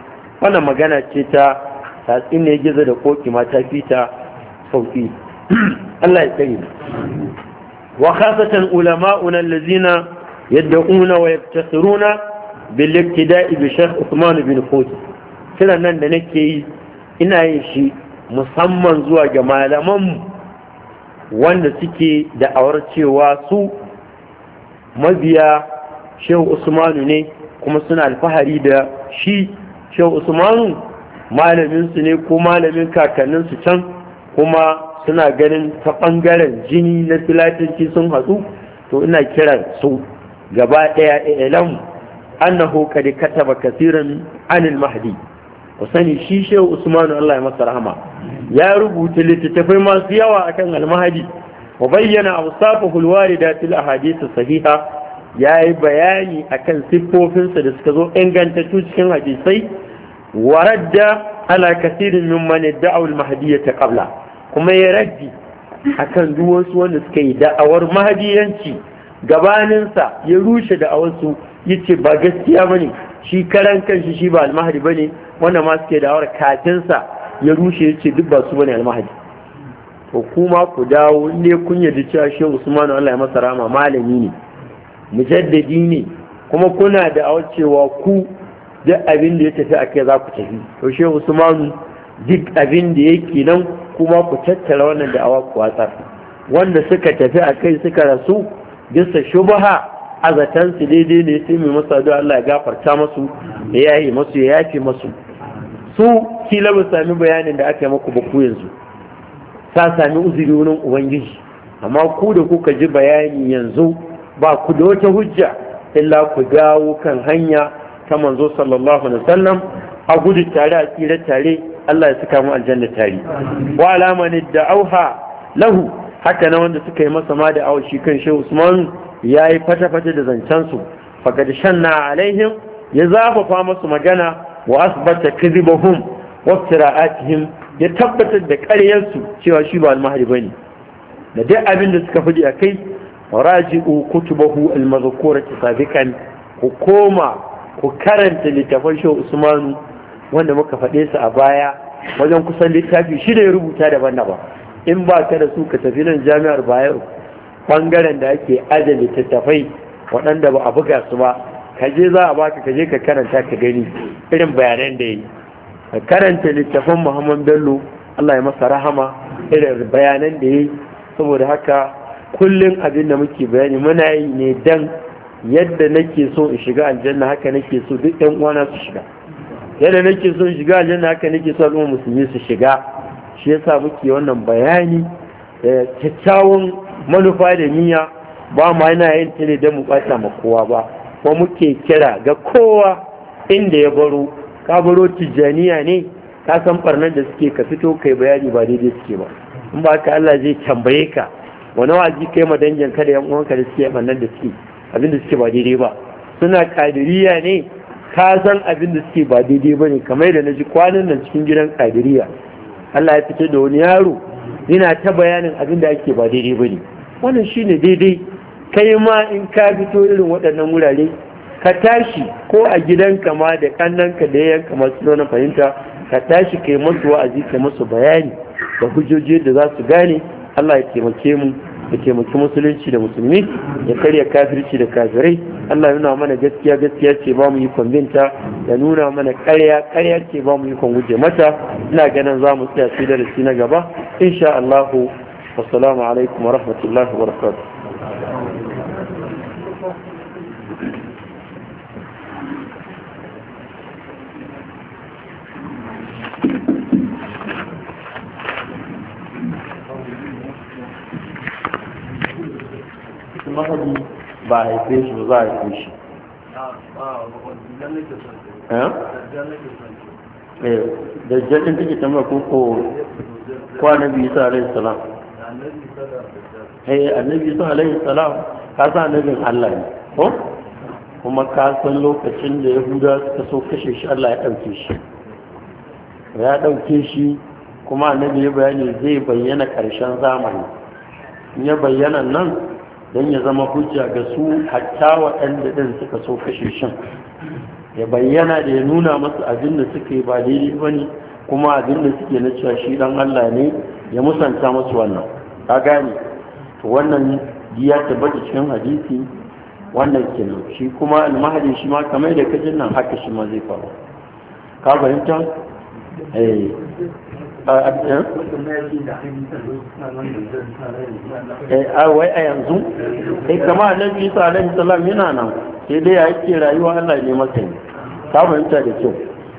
wannan magana ce ta tatsin ne gizo da koki mata fita sauƙi (clears throat) Allah ya tsaye wa khasatan ulama'una allazina yad'una wa yaktasiruna bil iktida'i bi Sheikh Usman bin kotu. kiran nan da nake yi ina yin shi musamman zuwa ga malaman wanda suke da awar cewa su mabiya Shehu Usmanu ne kuma suna alfahari da shi Shehu Usmanu malaminsu ne ko malamin kakanninsu can kuma suna ganin ta ɓangaren jini na filatanci sun hatsu to ina kiran su gaba ɗaya ilam annahu kad kataba kasiran anil mahdi ku sani shi shehu usmanu Allah ya masa rahama ya rubuta littattafai masu yawa akan al-mahdi wa bayyana awsafahu al-warida fil ahadith sahiha yayi bayani akan siffofinsa da suka zo ingantattu cikin hadisai waradda ala kasirin mimman da'u al qabla kuma ya raddi akan duk wasu wanda suka yi da'awar mahajiyanci, gabaninsa ya rushe da'awarsu ya ce ba gaskiya ba ne shi karan kanshi shi ba almahadi ba ne wanda ma suke da'awar katinsa ya rushe ya ce duk ba su ba almahadi to kuma ku dawo ne kun yarda cewa shi usmanu allah ya masa rama malami ne mujaddadi ne kuma kuna da'awar cewa ku duk abin da ya tafi a kai za ku tafi to shi usmanu duk abin da yake nan kuma ku tattara wannan da awa ku watsar wanda suka tafi a kai suka rasu bisa shubaha, azatan su daidai ne sai mai masa addu'a Allah ya gafarta masu ya yaye masu ya yafe masu su kila ba sami bayanin da aka yi muku ba ku yanzu ta sami uzuri wurin ubangiji amma ku da kuka ji bayani yanzu ba ku da wata hujja illa ku gawo kan hanya ta manzo sallallahu alaihi wasallam a gudu tare a tsira tare Allah ya saka mu aljanna tari wa da da'auha lahu haka na wanda suka yi masa ma da awa shi kan shehu usman ya yi fata-fata da zancen su faqad shanna alaihim ya zafafa masu magana wa asbata kadhibahum wa iftira'atihim ya tabbatar da ƙaryarsu cewa shi ba almahari bane da duk abin da suka fadi a kai raji'u kutubahu al sabiqan ku koma ku karanta littafin shehu usmanu wanda muka faɗe su a baya wajen kusan littafi shida ya rubuta daban-daban in ba ka da su ka tafi nan jami'ar bayero ɓangaren da ake aje littattafai waɗanda ba a buga su ba ka je za a baka ka je ka karanta ka gani irin bayanan da yi ka karanta littafin muhammad bello allah ya masa rahama irin bayanan da yi saboda haka kullum abin da muke bayani muna yi ne dan yadda nake so in shiga aljanna haka nake so duk ɗan uwana su shiga yadda nake son shiga aljanna haka nake son al'umma musulmi su shiga shi yasa muke wannan bayani da kyakkyawan manufa da niyya ba ma yana yin ta ne don mu bata ma kowa ba ko muke kira ga kowa inda ya baro ka baro tijjaniya ne ka san farnar da suke ka fito kai bayani ba daidai suke ba in ba ka Allah zai tambaye ka wani waji kai ma dangin ka da yan uwanka da suke farnar da suke abin suke ba daidai ba suna kadiriya ne ka san abin da suke ba daidai ba ne kamar da na ji kwanan nan cikin gidan kadiriya Allah ya fice da wani yaro yana ta bayanin abin da ake ba daidai ba ne wannan shi ne daidai kai ma in ka fito irin waɗannan wurare ka tashi ko a gidanka ma da kannanka da yayanka masu nuna fahimta ka tashi kai masu wa'azi kai masu bayani da hujjoji da za su gane Allah ya taimake mu ya taimaki musulunci da musulmi ya karya kafirci da kafirai Allah nuna mana gaskiya gaskiya ce ba mu yi kwambinta ya nuna mana karya karya ce ba mu yi guje mata ina ganin za mu tsaya sai darasi na gaba insha Allah wassalamu alaikum wa rahmatullahi wa barakatuh mahadi ba haife shi ba za a haife shi eh? Eh, da jadin take koko ko ko biyu isa alaihi salam eh annabi isa alaihi salam ka san annabin Allah ne ko kuma ka san lokacin da yahuda suka so kashe shi Allah ya ɗauke shi ya ɗauke shi kuma annabi ya bayani zai bayyana ƙarshen zamani ya bayyana nan don ya zama hujja ga su hatta waɗanda ɗin suka so kashe shan ya bayyana da ya nuna masu abin da suka yi ba daidai ba ne kuma abin da suke na cewa shi ɗan Allah ne ya musanta masu wannan ka gane to wannan ya tabbata cikin hadisi wannan kenan shi kuma almahadin shi ma kamar da kajin nan haka shi ma zai faru ka fahimta eh Uh, uh, eh, a ah, wai a yanzu sai eh, kama annabi isa alaihi salam yana nan sai dai yake rayuwa Allah ne masa ne ta fahimta da kyau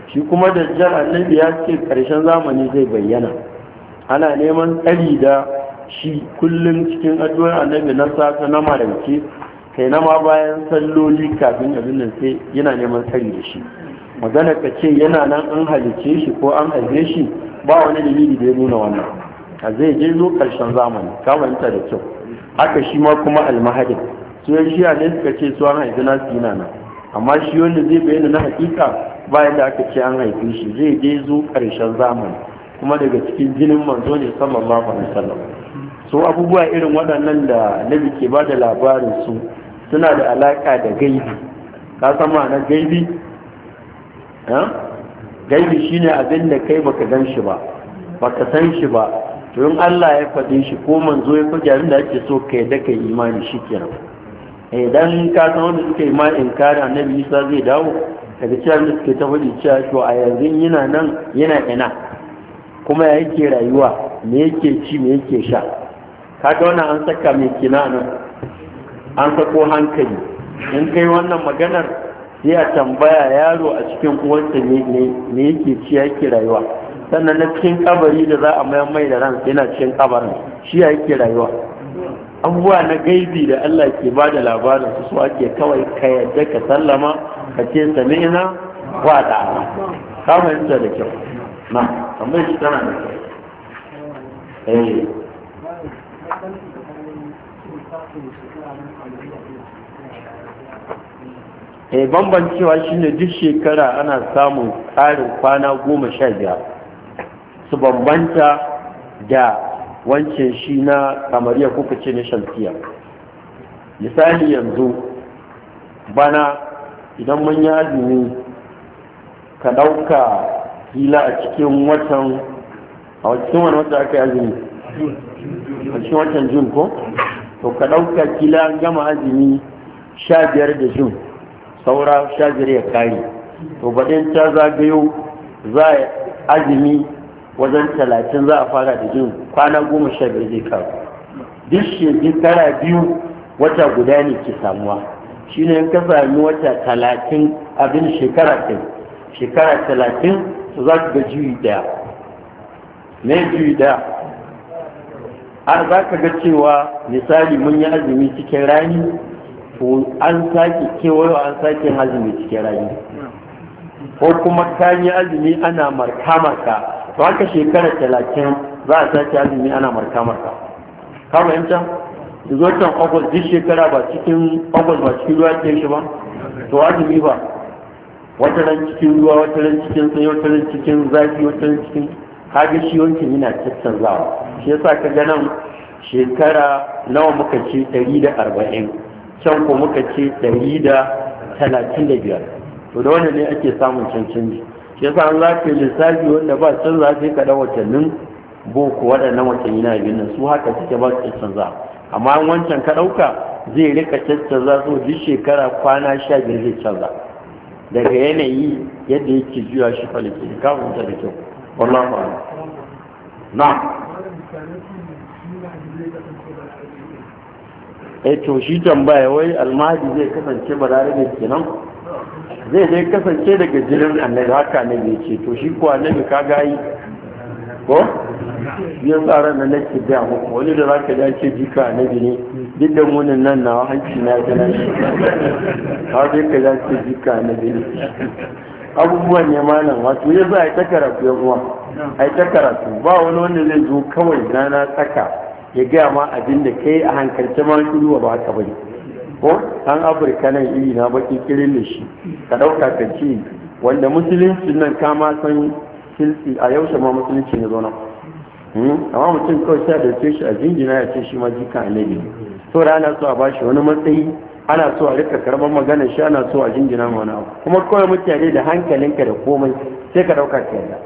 shi kuma da jan annabi ya ce karshen zamani zai bayyana ana neman tsari da shi kullum cikin addu'ar annabi na safe na marance kai na ma bayan salloli kafin abin nan sai yana neman tsari da shi magana ka ce yana nan an halice shi ko an haife shi ba wani dalili da ya nuna wannan a zai je zo karshen zamani ka da kyau haka shi ma kuma almahadin su yan shiya ne suka ce su an haifi nasu yana nan amma shi wanda zai bayyana na hakika bayan da aka ce an haifi shi zai je zo karshen zamani kuma daga cikin jinin manzo ne sallallahu alaihi wasallam so abubuwa irin waɗannan da nabi ke ba da labarin su suna da alaƙa da gaibi ka san ma'anar gaibi eh? gaibi shine abin da kai baka gan shi ba baka san shi ba to in Allah ya faɗi shi ko manzo ya faɗi abin da ake so kai da kai imani shi kenan idan eh, ka san wanda suka yi ma a annabi Isa zai dawo daga cewa da suke ta faɗi cewa to a yanzu yana nan yana ina kuma ya yake rayuwa me yake ci me yake sha Ka ga wannan an saka mai kina nan an sako hankali in kai wannan maganar sai a tambaya yaro a cikin uwarsa ne yake ci yake rayuwa sannan na cikin kabari da za a mayan mai da ransa yana cikin kabarin shi yake rayuwa abubuwa na gaibi da Allah ke ba da labarin su su ke kawai ka yadda ka sallama ka ce sami'na wa ta'ala ka fahimta da kyau na kamar shi tana da kyau eh. e bambancewa shine duk shekara ana samun ƙarin kwana goma sha biyar su bambanta da wancan shi na kamariya kuka ce na shamsiya misali yanzu bana idan mun yi azumi ka ɗauka fila a cikin watan a cikin wani wata aka yi azumi a cikin watan jun ko to ka ɗauka kila gama azumi sha biyar da jun saura sha biyar ya kare to baɗin ta zagayo za a azumi wajen talatin za a fara da jin kwana goma sha biyar zai kawo duk shekara biyu wata guda ne ke samuwa shi ne ka sami wata talatin abin shekara ɗin shekara talatin su za ka ga juyi ɗaya me juyi ɗaya har za ka ga cewa misali mun yi azumi cikin rani to an sake kewayo an sake azumi cikin rayu ko kuma kayan yi azumi ana marka-marka to haka shekara talatin za a sake azumi ana marka-marka kama yancan zo can ogos duk shekara ba cikin ogos ba cikin ruwa ke shi ba to azumi ba wata ran cikin ruwa wata ran cikin tsaye wata ran cikin zafi wata ran cikin kaga shi wancan yana zawa shi yasa ka ga nan shekara nawa muka ce 140 da arba'in can ko muka ce ɗari da talatin da biyar to da wannan ne ake samun can canji shi yasa an za ka lissafi wanda ba canza sai ka watannin boko waɗannan watanni na biyu su haka suke ba su canza amma wancan ka ɗauka zai rika za su duk shekara kwana sha biyar zai canza daga yanayi yadda yake juya shi falake kafin da kyau wallahu a'lam eh to shi tambaya wai almahdi zai kasance ne kenan zai zai kasance daga jirin annabi haka ne bai ce to shi kuwa annabi ka gayi ko biyan tsara na nake biya muku wani da zaka ji ce jika annabi ne duk da munin nan na hanci na ga shi ha zai ka ji ce jika annabi ne abubuwan ne malam wato ya za a yi ta karatu ya uwa a yi ta karatu ba wani wanda zai zo kawai na tsaka ya gaya ma abin da kai a hankalce ma kiruwa ba haka bane ko an afirka nan iri na baki kirin da shi ka ɗauka ka ce wanda musulunci nan kama san silsi a yaushe ma musulunci ne zo nan hmm? amma mutum kawai sai da ce shi a jingina ya ce shi ma jika nabi so da ana so a bashi wani matsayi ana so a rika karban magana shi ana so a jingina ma wani abu kuma kawai mutane da hankalinka da komai sai ka ɗauka ka yarda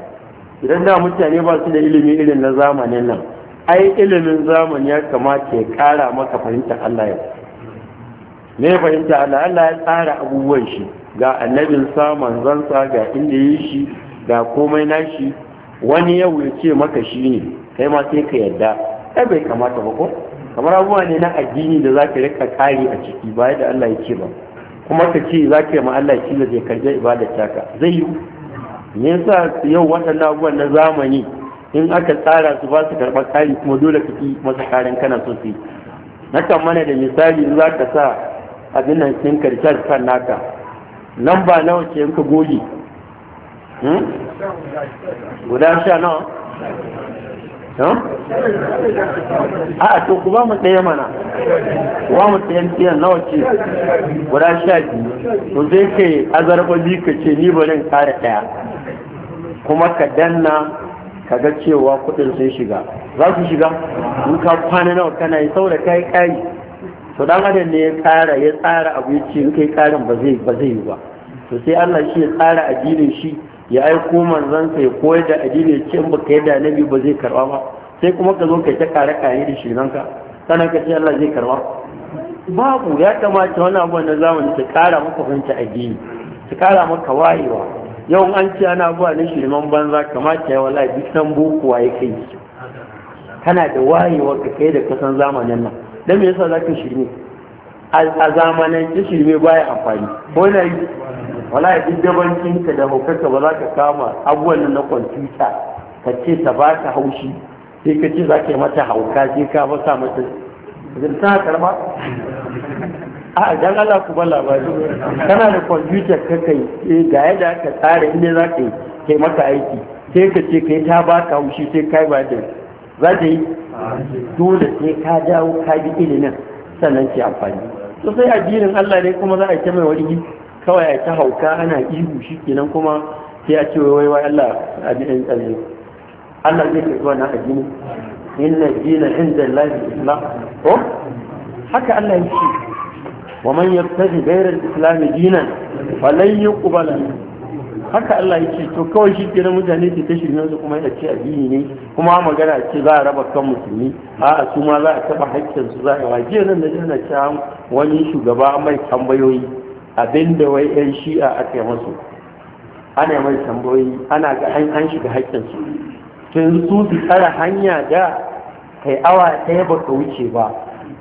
idan da mutane ba su da ilimi irin na zamanin nan ai ilimin zamani ya kamata ya kara maka fahimtar Allah ya me fahimta Allah Allah ya tsara abubuwan shi ga annabin sa zansa ga inda yi shi ga komai nashi wani yau ya ce maka shi ne kai ma sai ka yarda kai bai kamata ba ko kamar abubuwa ne na addini da zaka rika kari a ciki ba da Allah ya ce ba kuma ka ce za yi ma Allah shi da zai karje ibadar taka zai yi me yasa yau waɗannan abubuwan na zamani in aka tsara su ba su karɓar kari kuma dole ka fi masa karin kana so su yi na kan mana da misali za ka sa abin nan sun karshen kan naka nan ba nawa ce ka goge hmm? guda sha nawa hmm? a to kuma mu tsaye mana kuma mu tsaye tsayen nawa ce guda sha biyu to zai kai azarba biyu ka ce ni barin kara ɗaya kuma ka danna ka ga cewa kuɗin sun shiga za su shiga in ka kwana nawa kana yi saboda ka yi kayi to dan adam ne ya tsara ya tsara abu ya ce in kai ƙarin ba zai ba zai yi ba to sai Allah shi ya tsara addinin shi ya aiko manzon sai koyar da addini ce in baka yadda nabi ba zai karba ba sai kuma ka zo kai ta kare kare da shirin ka? sanan ka ce Allah zai karba babu ya kamata wani abu na zamani ta kara maka fahimta addini ta kara maka wayewa yau an ce ana zuwa na shirman banza kamata ya wala duk san bokuwa ya kai kana da wayewa ka kai da kasan zamanin nan dan me yasa zaka shirme a zamanin ki shirme baya amfani ko na yi wala duk dabancin ka da hukarka ba za ka kama abubuwan nan na kwamfuta ka ce ta ba ta haushi sai ka ce za ka yi mata hauka sai ka ba sa mata zai ta karba a dan Allah ku ba labari kana da kwamfutar ka kai eh, ga yadda aka tsara inda za ka yi kai maka aiki sai ka ce kai ta ba ka haushi sai kai ba da za ta yi dole sai ka dawo ka bi ilimin sannan ce amfani to sai addinin Allah ne kuma za a ce mai wani kawai a ta hauka ana ihu shi kenan kuma sai a ce wai wai Allah addinin tsalle Allah zai zuwa na addini inna dina inda Allah islam ko haka Allah ya ce wa man yabtaji ghayra al-islam dinan falan haka Allah yake to kawai shi kenan mutane ke ta shirme su kuma ce addini ne kuma magana ce za a raba kan musulmi a su ma za a taba haƙƙin su za a Jiya nan da jina ta wani shugaba mai tambayoyi abinda wai yan shi'a aka yi masu ana mai tambayoyi ana ga an shiga haƙƙin su tun su su tsara hanya da kai awa ɗaya ba ka wuce ba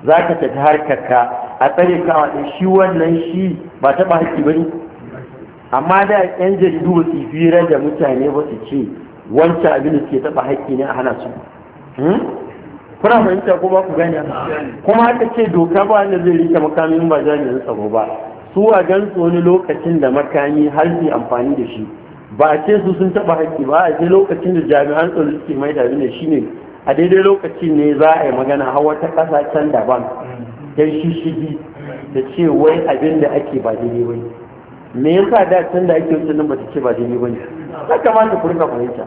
za ka tafi harkar ka a tsare kawa ɗin shi wannan shi ba taɓa haƙƙi ba ne amma da yan jaridu ba su fira da mutane ba su ce wancan abin da suke taɓa haƙƙi ne a hana su hmm? kuna fahimta ko ba ku gane kuma haka ce doka ba wanda zai rike makamin ba jami'in tsaro ba su a gan wani lokacin da makami har su amfani da shi ba a ce su sun taɓa haƙƙi ba a ce lokacin da jami'an tsaro suke mai da abin da shi ne a daidai lokacin ne za a yi magana har wata ƙasa can daban dan shishigi da ce wai abin da ake ba daidai bane me yasa da tun da ake wuce nan ba ta ce ba daidai bane ya kamata ku rika fahimta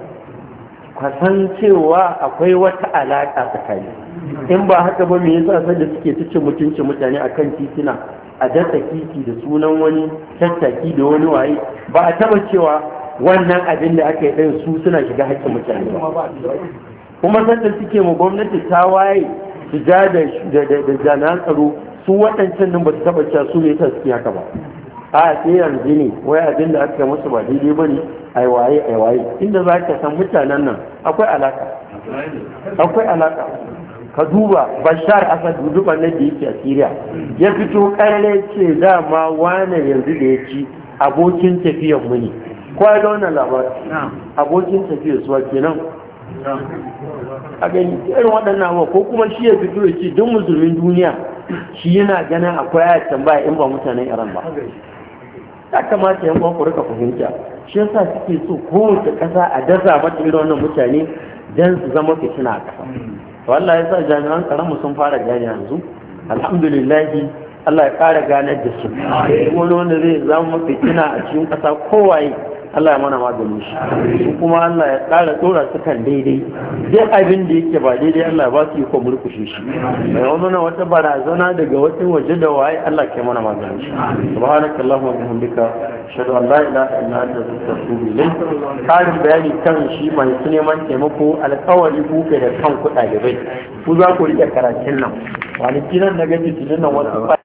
kwasan cewa akwai wata alaƙa tsakani in ba haka ba me yasa sai da suke ta ce mutunci mutane akan titina a dasa titi da sunan wani tattaki da wani waye ba a taba cewa wannan abin da aka yi ɗin su suna shiga haƙƙin mutane ba kuma da suke mu gwamnati ta waye ja da jami'an tsaro su waɗancan nan ba su taɓa cewa su ne ta su haka ba a sai yanzu ne wai abin da aka musu ba daidai ba ne ai waye inda za ka san mutanen nan akwai alaka akwai alaka ka duba bashar asad duba na da yake a syria ya fito karle ce dama wane yanzu da ya ci abokin tafiyar mu ne kwai da wannan abokin tafiyar suwa kenan a gani irin waɗannan ba ko kuma shi ya fito ya ce don musulmin duniya shi yana ganin akwai ayat tambaya in ba mutanen iran ba ya kamata yan ku rika fahimta shi yasa suke so kowace ƙasa a dasa mata irin wannan mutane don su zama fitina a ƙasa wallahi yasa jami'an tsaron sun fara gane yanzu alhamdulillahi Allah ya ƙara ganar da su wani wanda zai zama kina a cikin ƙasa kowaye Allah ya mana maganin shi kuma Allah ya ƙara tsora su kan daidai duk abin da yake ba daidai Allah ba su yi ko murkushe shi mai wani wata barazana daga wata waje da waye Allah ke mana maganin shi subhanaka allahumma wa bihamdika ashhadu an la ilaha illa anta astaghfiruka wa atubu karin bayani kan shi mai neman taimako alƙawari kuke da kan kuɗaɗe bai ku za ku riƙe karatun nan kwanaki nan na gaji tilin nan wasu